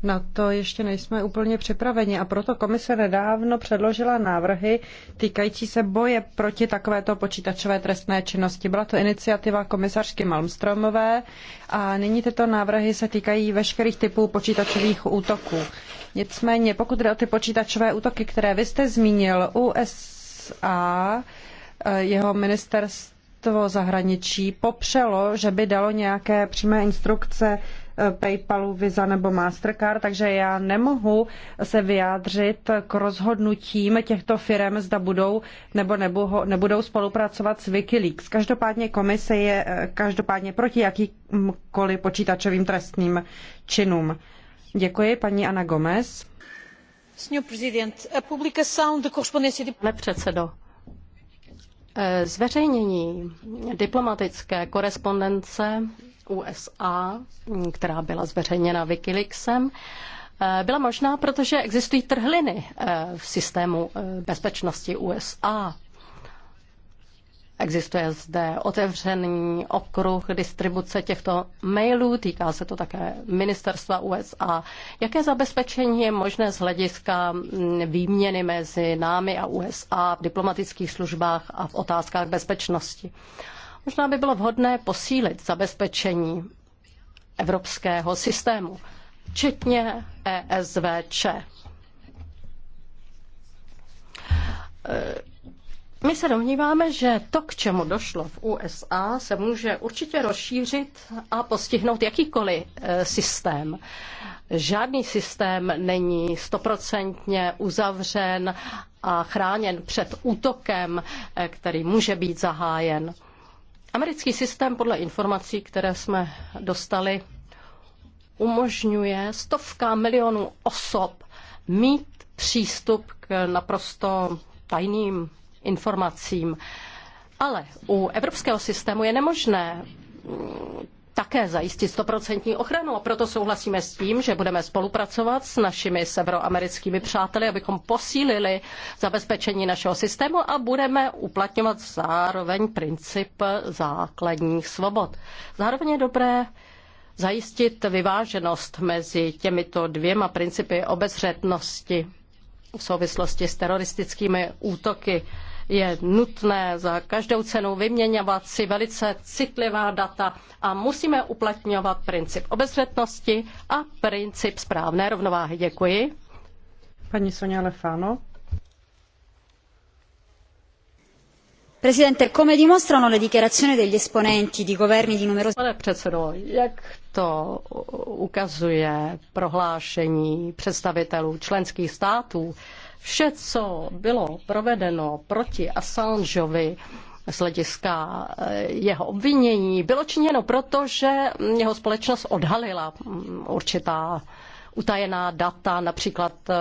na to ještě nejsme úplně připraveni a proto komise nedávno předložila návrhy týkající se boje proti takovéto počítačové trestné činnosti. Byla to iniciativa komisařky Malmstromové a nyní tyto návrhy se týkají veškerých typů počítačových útoků. Nicméně, pokud jde o ty počítačové útoky, které vy jste zmínil, USA, eh, jeho ministerstvo ministerstvo zahraničí popřelo, že by dalo nějaké přímé instrukce PayPalu, Visa nebo Mastercard, takže já nemohu se vyjádřit k rozhodnutím těchto firm, zda budou nebo nebudou spolupracovat s Wikileaks. Každopádně komise je každopádně proti jakýmkoliv počítačovým trestným činům. Děkuji, paní Ana Gomez. Pane předsedo, eh, zveřejnění diplomatické korespondence USA, která byla zveřejněna Wikileaksem, eh, byla možná, protože existují trhliny eh, v systému eh, bezpečnosti USA. Existuje zde otevřený okruh distribuce těchto mailů, týká se to také ministerstva USA. Jaké zabezpečení je možné z hlediska mm, výměny mezi námi a USA v diplomatických službách a v otázkách bezpečnosti? Možná by bylo vhodné posílit zabezpečení evropského systému, včetně ESVČ. My se domníváme, že to, k čemu došlo v USA, se může určitě rozšířit a postihnout jakýkoliv e, systém. Žádný systém není stoprocentně uzavřen a chráněn před útokem, e, který může být zahájen. Americký systém podle informací, které jsme dostali, umožňuje stovkám milionů osob mít přístup k naprosto tajným informacím. Ale u evropského systému je nemožné také zajistit stoprocentní ochranu a proto souhlasíme s tím, že budeme spolupracovat s našimi severoamerickými přáteli, abychom posílili zabezpečení našeho systému a budeme uplatňovat zároveň princip základních svobod. Zároveň je dobré zajistit vyváženost mezi těmito dvěma principy obezřetnosti v souvislosti s teroristickými útoky je nutné za každou cenu vyměňovat si velice citlivá data a musíme uplatňovat princip obezřetnosti a princip správné rovnováhy. Děkuji. Paní Sonia Lefano. Presidente, come dimostrano le dichiarazioni degli esponenti di governi di numerosi... Pane předsedo, jak to ukazuje prohlášení představitelů členských států, Vše, co bylo provedeno proti Assangeovi, z hlediska eh, jeho obvinění bylo činěno proto, že jeho společnost odhalila mm, určitá utajená data. Například eh,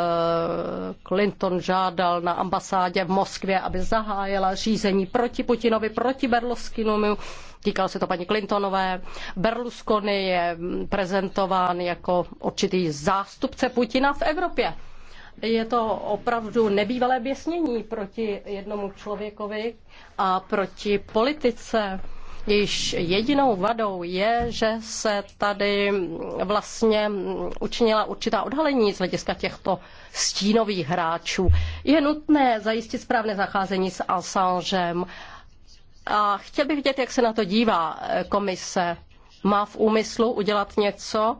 Clinton žádal na ambasádě v Moskvě, aby zahájila řízení proti Putinovi, proti Berlusconimu. Týkal se to paní Clintonové. Berlusconi je mm, prezentován jako určitý zástupce Putina v Evropě. Je to opravdu nebývalé běsnění proti jednomu člověkovi a proti politice. Již jedinou vadou je, že se tady vlastně učinila určitá odhalení z hlediska těchto stínových hráčů. Je nutné zajistit správné zacházení s Assangem. A chtěl bych vidět, jak se na to dívá komise. Má v úmyslu udělat něco,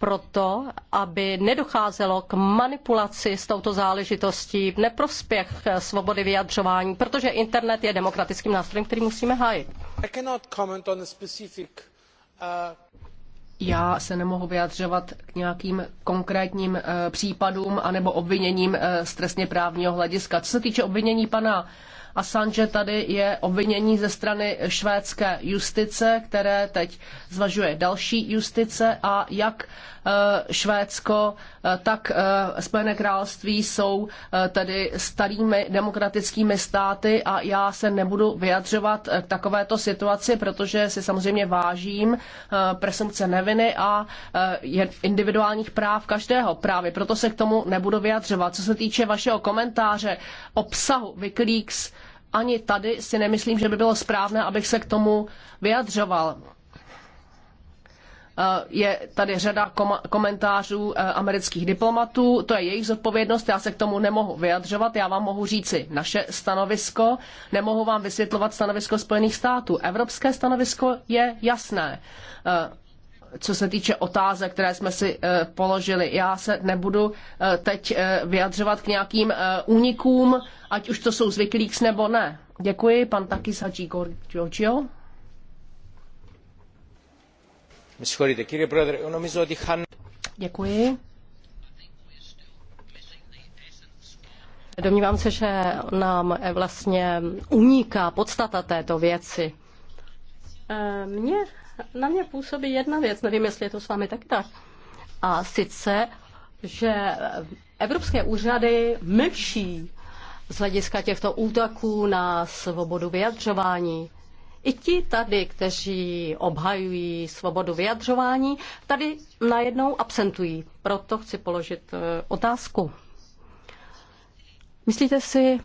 proto, aby nedocházelo k manipulaci s touto záležitostí v neprospěch svobody vyjadřování, protože internet je demokratickým nástrojem, který musíme hájit. Uh, Já se nemohu vyjadřovat k nějakým konkrétním uh, případům anebo obviněním uh, z trestně právního hlediska. Co se týče obvinění pana Assange tady je obvinění ze strany švédské justice, které teď zvažuje další justice a jak Eh, Švédsko, eh, tak eh, Spojené království jsou tedy starými demokratickými státy a já se nebudu vyjadřovat k takovéto situaci, protože si samozřejmě vážím presumpce neviny a individuálních práv každého. Právě proto se k tomu nebudu vyjadřovat. Co se týče vašeho komentáře obsahu Wikileaks, ani tady si nemyslím, že by bylo správné, abych se k tomu vyjadřoval. Eh, je tady řada komentářů eh, amerických diplomatů, to je jejich zodpovědnost, já se k tomu nemohu vyjadřovat, já vám mohu říci naše stanovisko, nemohu vám vysvětlovat stanovisko Spojených států. Evropské stanovisko je jasné eh, co se týče otázek, které jsme si položili. Já se nebudu teď vyjadřovat k nějakým únikům, ať už to jsou z Wikileaks nebo ne. Děkuji, pan Takis Hadži Giorgio. Děkuji. Domnívám se, že nám eh, vlastně uniká podstata této věci. Eh, mě, na mě působí jedna věc, nevím, jestli je to s vámi tak tak. A sice, že evropské úřady mlčí z hlediska těchto útoků na svobodu vyjadřování i ti tady, kteří obhajují svobodu vyjadřování, tady najednou absentují. Proto chci položit eh, otázku. Myslíte si,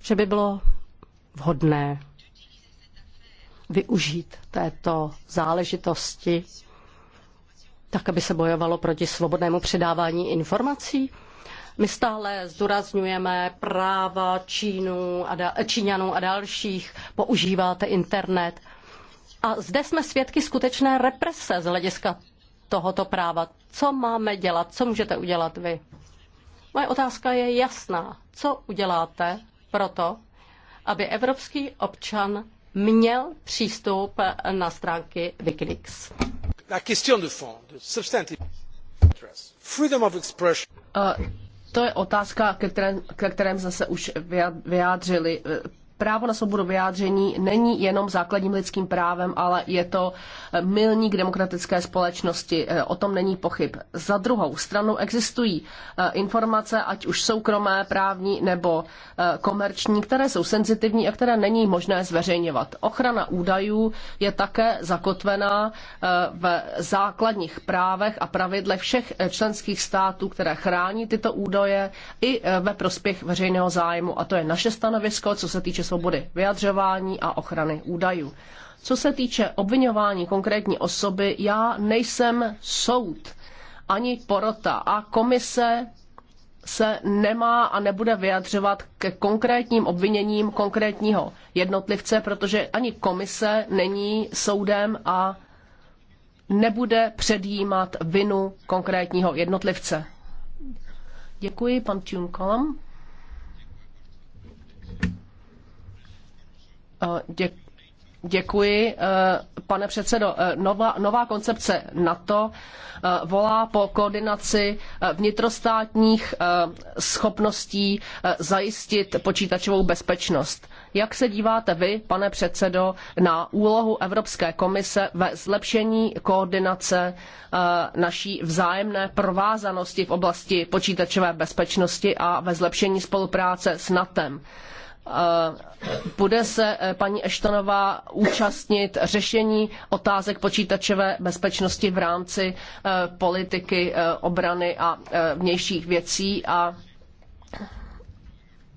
že by bylo vhodné využít této záležitosti tak, aby se bojovalo proti svobodnému předávání informací? My stále zdůrazňujeme práva Čínu a da, Číňanů a dalších, používáte internet. A zde jsme svědky skutečné represe z hlediska tohoto práva. Co máme dělat? Co můžete udělat vy? Moje otázka je jasná. Co uděláte pro to, aby evropský občan měl přístup na stránky Wikileaks? La question de fond, de substantive freedom of expression. Uh to je otázka, ke, které, ke kterém jsme se už vyjádřili. Eh, právo na svobodu vyjádření není jenom základním lidským právem, ale je to eh, milník demokratické společnosti. Eh, o tom není pochyb. Za druhou stranu existují eh, informace, ať už soukromé, právní nebo komerční, které jsou senzitivní a které není možné zveřejňovat. Ochrana údajů je také zakotvená v základních právech a pravidle všech členských států, které chrání tyto údaje i ve prospěch veřejného zájmu. A to je naše stanovisko, co se týče svobody vyjadřování a ochrany údajů. Co se týče obvinování konkrétní osoby, já nejsem soud, ani porota a komise se nemá a nebude vyjadřovat ke konkrétním obviněním konkrétního jednotlivce, protože ani komise není soudem a nebude předjímat vinu konkrétního jednotlivce. Děkuji, pan Tunkolam. Eh, děkuji, eh, pane předsedo. Eh, nová, nová koncepce NATO volá po koordinaci vnitrostátních schopností zajistit počítačovou bezpečnost. Jak se díváte vy, pane předsedo, na úlohu Evropské komise ve zlepšení koordinace naší vzájemné provázanosti v oblasti počítačové bezpečnosti a ve zlepšení spolupráce s NATO? Eh, bude se eh, paní Eštonová účastnit řešení otázek počítačové bezpečnosti v rámci eh, politiky obrany a vnějších věcí a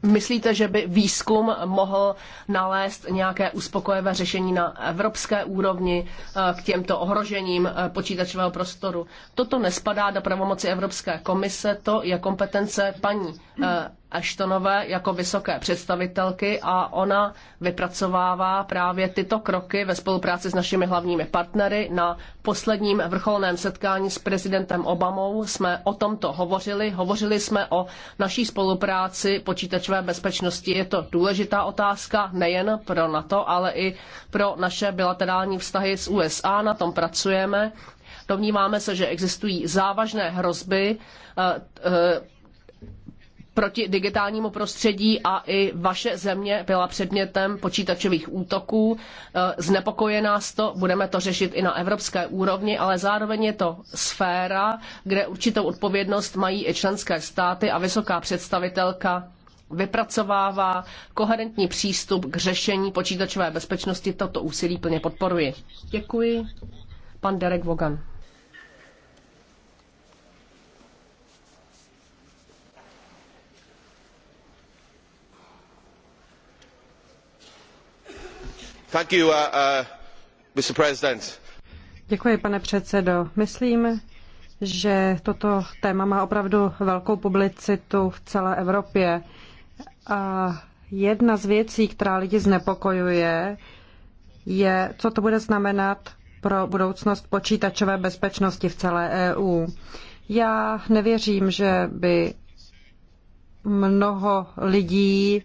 Myslíte, že by výzkum mohl nalézt nějaké uspokojivé řešení na evropské úrovni k těmto ohrožením počítačového prostoru? Toto nespadá do pravomoci Evropské komise, to je kompetence paní Ashtonové jako vysoké představitelky a ona vypracovává právě tyto kroky ve spolupráci s našimi hlavními partnery. Na posledním vrcholném setkání s prezidentem Obamou jsme o tomto hovořili. Hovořili jsme o naší spolupráci počítačové bezpečnosti. Je to důležitá otázka nejen pro NATO, ale i pro naše bilaterální vztahy s USA. Na tom pracujeme. Domníváme se, že existují závažné hrozby eh, eh, proti digitálnímu prostředí a i vaše země byla předmětem počítačových útoků. E, znepokoje nás to, budeme to řešit i na evropské úrovni, ale zároveň je to sféra, kde určitou odpovědnost mají i členské státy a vysoká představitelka vypracovává koherentní přístup k řešení počítačové bezpečnosti. Toto úsilí plně podporuji. Děkuji. Pan Derek Vogan. Uh, uh, Děkuji, pane předsedo. Myslím, že toto téma má opravdu velkou publicitu v celé Evropě. A jedna z věcí, která lidi znepokojuje, je, co to bude znamenat pro budoucnost počítačové bezpečnosti v celé EU. Já nevěřím, že by mnoho lidí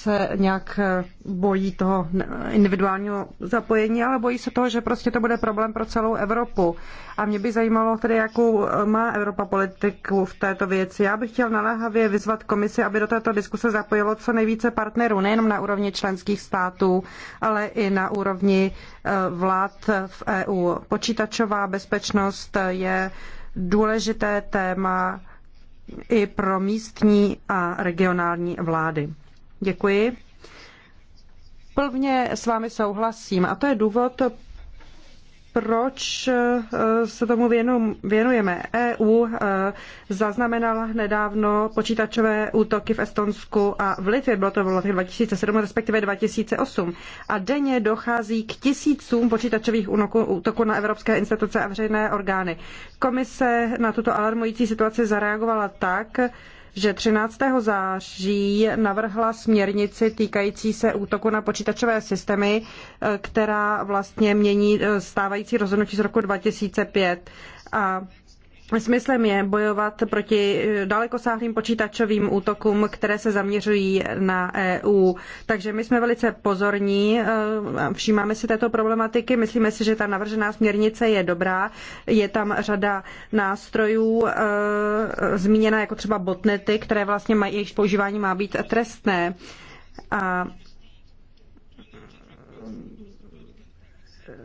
se nějak eh, bojí toho individuálního zapojení, ale bojí se toho, že prostě to bude problém pro celou Evropu. A mě by zajímalo tedy, jakou eh, má Evropa politiku v této věci. Já bych chtěl naléhavě vyzvat komisi, aby do této diskuse zapojilo co nejvíce partnerů, nejenom na úrovni členských států, ale i na úrovni eh, vlád v EU. Počítačová bezpečnost je důležité téma i pro místní a regionální vlády. Děkuji. Plně s vámi souhlasím a to je důvod, proč eh, se tomu věnujeme. EU eh, zaznamenala nedávno počítačové útoky v Estonsku a v Litvě, bylo to v letech 2007, respektive 2008. A denně dochází k tisícům počítačových útoků na evropské instituce a veřejné orgány. Komise na tuto alarmující situaci zareagovala tak, že 13. září navrhla směrnici týkající se útoku na počítačové systémy, e, která vlastně mění e, stávající rozhodnutí z roku 2005. A Smyslem je bojovat proti dalekosáhlým počítačovým útokům, které se zaměřují na EU. Takže my jsme velice pozorní, eh, všímáme si této problematiky, myslíme si, že ta navržená směrnice je dobrá. Je tam řada nástrojů eh, zmíněna jako třeba botnety, které vlastně mají, jejich používání má být trestné. A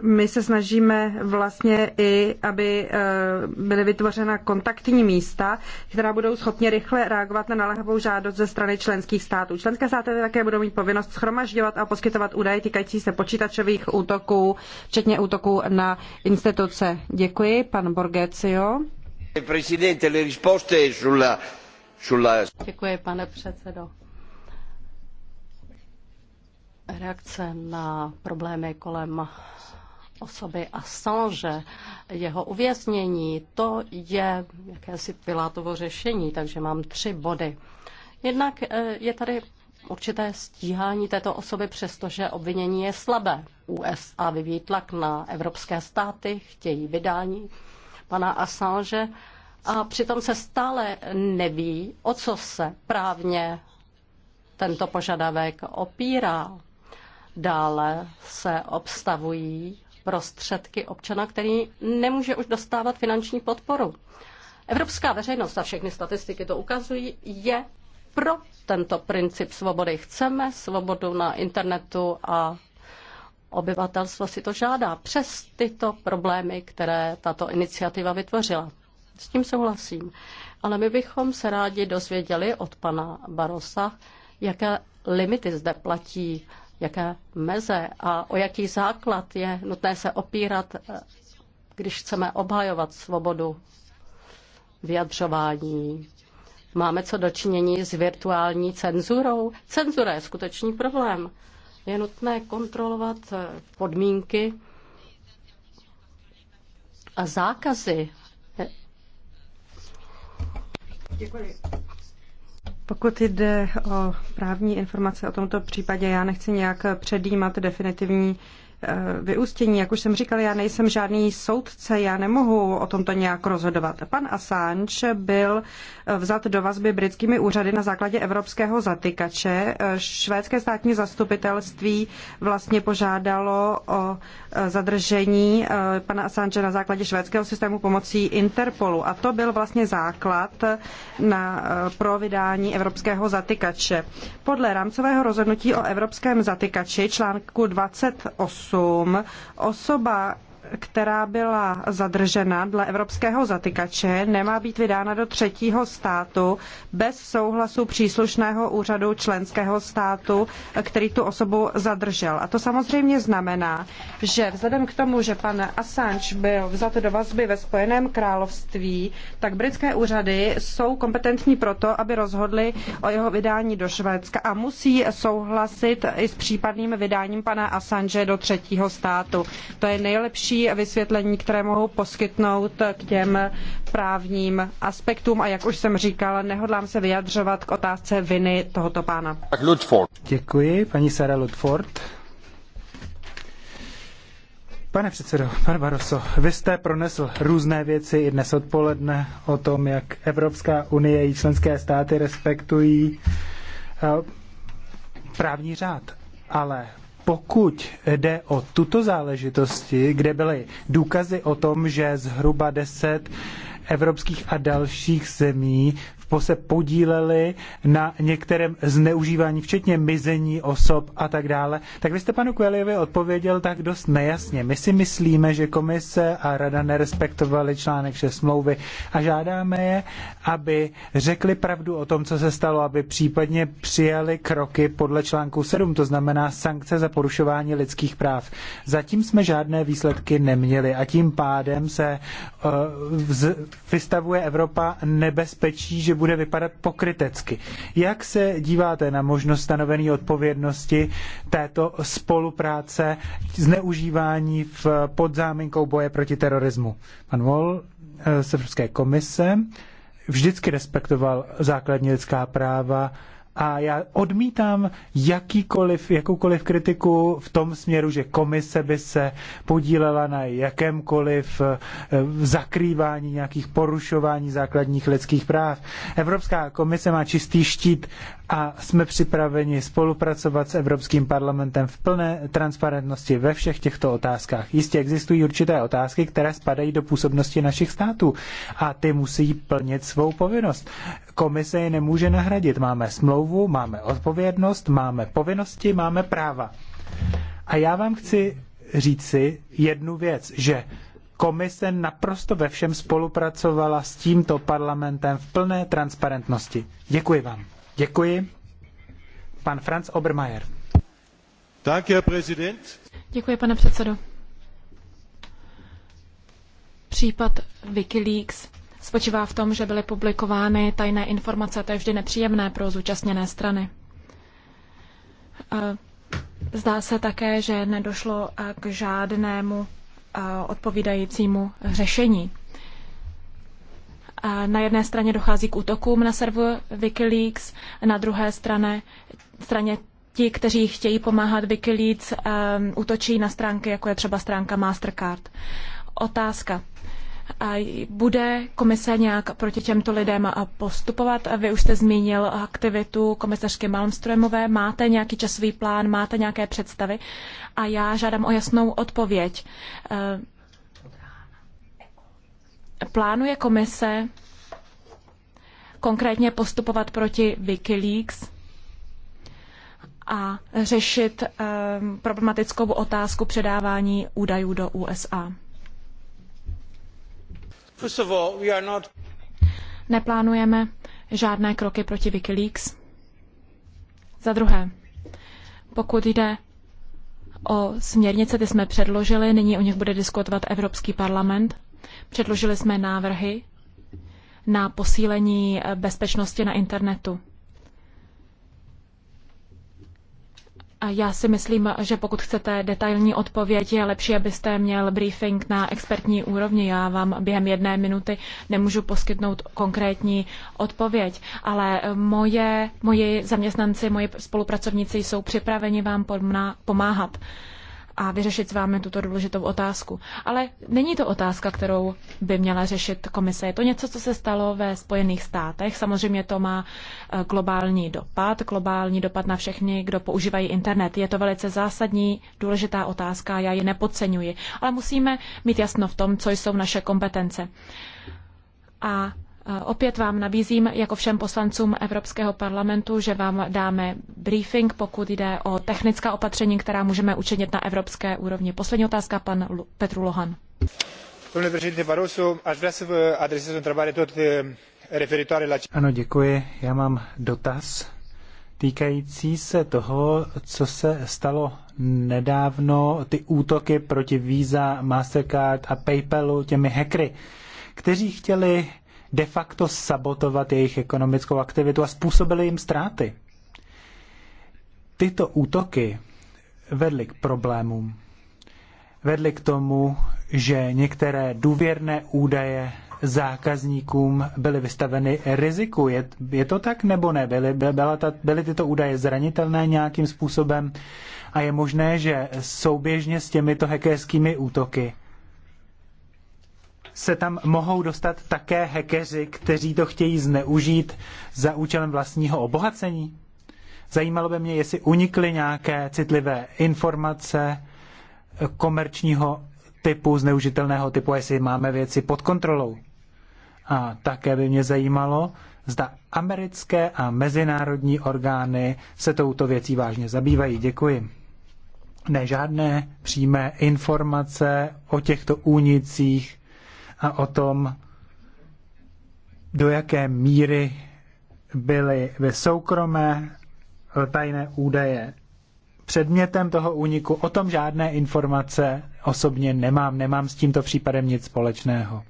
my se snažíme vlastně i, aby eh, byly vytvořena kontaktní místa, která budou schopně rychle reagovat na naléhavou žádost ze strany členských států. Členské státy také budou mít povinnost schromažďovat a poskytovat údaje týkající se počítačových útoků, včetně útoků na instituce. Děkuji, pan Borgecio. Děkuji, pane předsedo. Reakce na problémy kolem osoby a Assange, jeho uvěznění, to je jakési Pilátovo řešení, takže mám tři body. Jednak eh, je tady určité stíhání této osoby, přestože obvinění je slabé. USA vyvíjí tlak na evropské státy, chtějí vydání pana Assange a přitom se stále neví, o co se právně tento požadavek opírá. Dále se obstavují prostředky občana, který nemůže už dostávat finanční podporu. Evropská veřejnost a všechny statistiky to ukazují, je pro tento princip svobody. Chceme svobodu na internetu a obyvatelstvo si to žádá přes tyto problémy, které tato iniciativa vytvořila. S tím souhlasím. Ale my bychom se rádi dozvěděli od pana Barosa, jaké limity zde platí jaké meze a o jaký základ je nutné se opírat, když chceme obhajovat svobodu vyjadřování. Máme co dočinění s virtuální cenzurou. Cenzura je skutečný problém. Je nutné kontrolovat podmínky a zákazy. Děkuji. Pokud jde o právní informace o tomto případě, já nechci nějak předjímat definitivní Eh, vyústění. Jak už jsem říkal, já nejsem žádný soudce, já nemohu o tomto nějak rozhodovat. Pan Assange byl eh, vzat do vazby britskými úřady na základě evropského zatykače. Eh, švédské státní zastupitelství vlastně požádalo o zadržení pana Assange na základě švédského systému pomocí Interpolu. A to byl vlastně základ na, pro vydání evropského zatykače. Podle rámcového rozhodnutí o evropském zatykači článku 28 8. Osoba která byla zadržena dle evropského zatykače, nemá být vydána do třetího státu bez souhlasu příslušného úřadu členského státu, který tu osobu zadržel. A to samozřejmě znamená, že vzhledem k tomu, že pan Assange byl vzat do vazby ve Spojeném království, tak britské úřady jsou kompetentní proto, aby rozhodly o jeho vydání do Švédska a musí souhlasit i s případným vydáním pana Assange do třetího státu. To je nejlepší další vysvětlení, které mohou poskytnout k těm právním aspektům. A jak už jsem říkal, nehodlám se vyjadřovat k otázce viny tohoto pána. Ludford. Děkuji, paní Sara Ludford. Pane předsedo, pane Baroso, vy jste pronesl různé věci i dnes odpoledne o tom, jak Evropská unie i členské státy respektují eh, právní řád. Ale pokud jde o tuto záležitosti, kde byly důkazy o tom, že zhruba 10 evropských a dalších zemí se podíleli na některém zneužívání, včetně mizení osob a tak dále. Tak vy jste panu Kueliovi odpověděl tak dost nejasně. My si myslíme, že komise a rada nerespektovali článek 6 smlouvy a žádáme je, aby řekli pravdu o tom, co se stalo, aby případně přijali kroky podle článku 7, to znamená sankce za porušování lidských práv. Zatím jsme žádné výsledky neměli a tím pádem se uh, vz, vystavuje Evropa nebezpečí, že bude vypadat pokrytecky. Jak se díváte na možnost stanovení odpovědnosti této spolupráce zneužívání v podzáminkou boje proti terorismu? Pan Wall eh, z Evropské komise vždycky respektoval základní lidská práva, a já odmítám jakýkoliv, jakoukoliv kritiku v tom směru, že komise by se podílela na jakémkoliv eh, zakrývání nějakých porušování základních lidských práv. Evropská komise má čistý štít a jsme připraveni spolupracovat s Evropským parlamentem v plné transparentnosti ve všech těchto otázkách. Jistě existují určité otázky, které spadají do působnosti našich států a ty musí plnit svou povinnost. Komise je nemůže nahradit. Máme smlouvu, máme odpovědnost, máme povinnosti, máme práva. A já vám chci říci jednu věc, že komise naprosto ve všem spolupracovala s tímto parlamentem v plné transparentnosti. Děkuji vám. Děkuji. Pan Franz Obermeier. Tak, Děkuji, pane předsedo. Případ Wikileaks spočívá v tom, že byly publikovány tajné informace. To je vždy nepříjemné pro zúčastněné strany. Eh, zdá se také, že nedošlo k žádnému eh, odpovídajícímu řešení. Na jedné straně dochází k útokům na server Wikileaks, na druhé straně, straně ti, kteří chtějí pomáhat Wikileaks, um, útočí na stránky, jako je třeba stránka Mastercard. Otázka. A bude komise nějak proti těmto lidem postupovat? Vy už jste zmínil aktivitu komisařky Malmströmové. Máte nějaký časový plán, máte nějaké představy? A já žádám o jasnou odpověď. Uh, Plánuje komise konkrétně postupovat proti Wikileaks a řešit um, problematickou otázku předávání údajů do USA? Neplánujeme žádné kroky proti Wikileaks. Za druhé, pokud jde o směrnice, ty jsme předložili, nyní o nich bude diskutovat Evropský parlament. Předložili jsme návrhy na posílení bezpečnosti na internetu. Já si myslím, že pokud chcete detailní odpověď, je lepší, abyste měl briefing na expertní úrovni. Já vám během jedné minuty nemůžu poskytnout konkrétní odpověď, ale moje, moji zaměstnanci, moji spolupracovníci jsou připraveni vám pomáhat a vyřešit s vámi tuto důležitou otázku. Ale není to otázka, kterou by měla řešit komise. Je to něco, co se stalo ve Spojených státech. Samozřejmě to má eh, globální dopad, globální dopad na všechny, kdo používají internet. Je to velice zásadní, důležitá otázka, já ji nepodceňuji. Ale musíme mít jasno v tom, co jsou naše kompetence. A Opět vám nabízím, jako všem poslancům Evropského parlamentu, že vám dáme briefing, pokud jde o technická opatření, která můžeme učinit na evropské úrovni. Poslední otázka, pan Petru Lohan. Domnule președinte Barroso, aș vrea să vă adresez tot eh, referitoare la... Ano, děkuji. Já mám dotaz týkající se toho, co se stalo nedávno, ty útoky proti Visa, Mastercard a PayPalu těmi hackery, kteří chtěli de facto sabotovat jejich ekonomickou aktivitu a způsobili jim ztráty. Tyto útoky vedly k problémům. Vedly k tomu, že některé důvěrné údaje zákazníkům byly vystaveny riziku. Je, je to tak nebo ne? Byly, byla ta, byly tyto údaje zranitelné nějakým způsobem a je možné, že souběžně s těmito hackerskými útoky se tam mohou dostat také hackeři, kteří to chtějí zneužít za účelem vlastního obohacení? Zajímalo by mě, jestli unikly nějaké citlivé informace komerčního typu, zneužitelného typu, jestli máme věci pod kontrolou. A také by mě zajímalo, zda americké a mezinárodní orgány se touto věcí vážně zabývají. Děkuji. Ne, žádné přímé informace o těchto únicích a o tom, do jaké míry byly ve soukromé tajné údaje předmětem toho úniku. O tom žádné informace osobně nemám, nemám s tímto případem nic společného.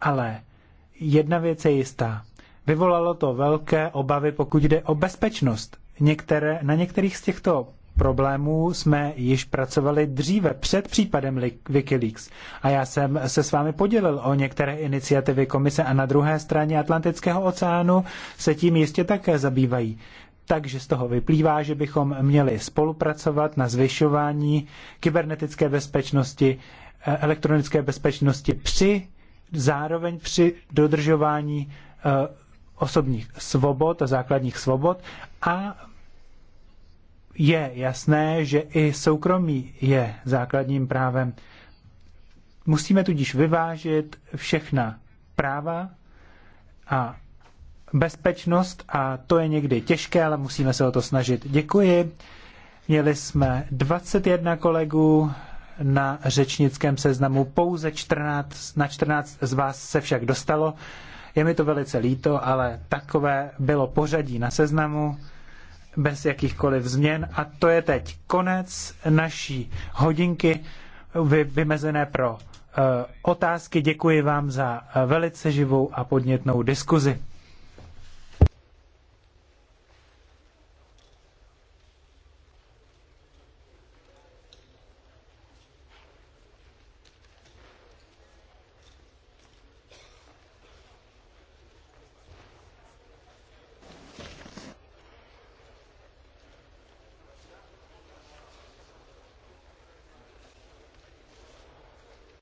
Ale jedna věc je jistá. Vyvolalo to velké obavy, pokud jde o bezpečnost. Některé, na některých z těchto problémů jsme již pracovali dříve, před případem Wikileaks. A já jsem se s vámi podělil o některé iniciativy komise a na druhé straně Atlantického oceánu se tím jistě také zabývají. Takže z toho vyplývá, že bychom měli spolupracovat na zvyšování kybernetické bezpečnosti, eh, elektronické bezpečnosti při zároveň při dodržování eh, osobních svobod a základních svobod a je jasné, že i soukromí je základním právem. Musíme tudíž vyvážit všechna práva a bezpečnost a to je někdy těžké, ale musíme se o to snažit. Děkuji. Měli jsme 21 kolegů na řečnickém seznamu, pouze 14, na 14 z vás se však dostalo. Je mi to velice líto, ale takové bylo pořadí na seznamu bez jakýchkoliv změn a to je teď konec naší hodinky vy, vymezené pro uh, otázky. Děkuji vám za eh, velice živou a podnětnou diskuzi.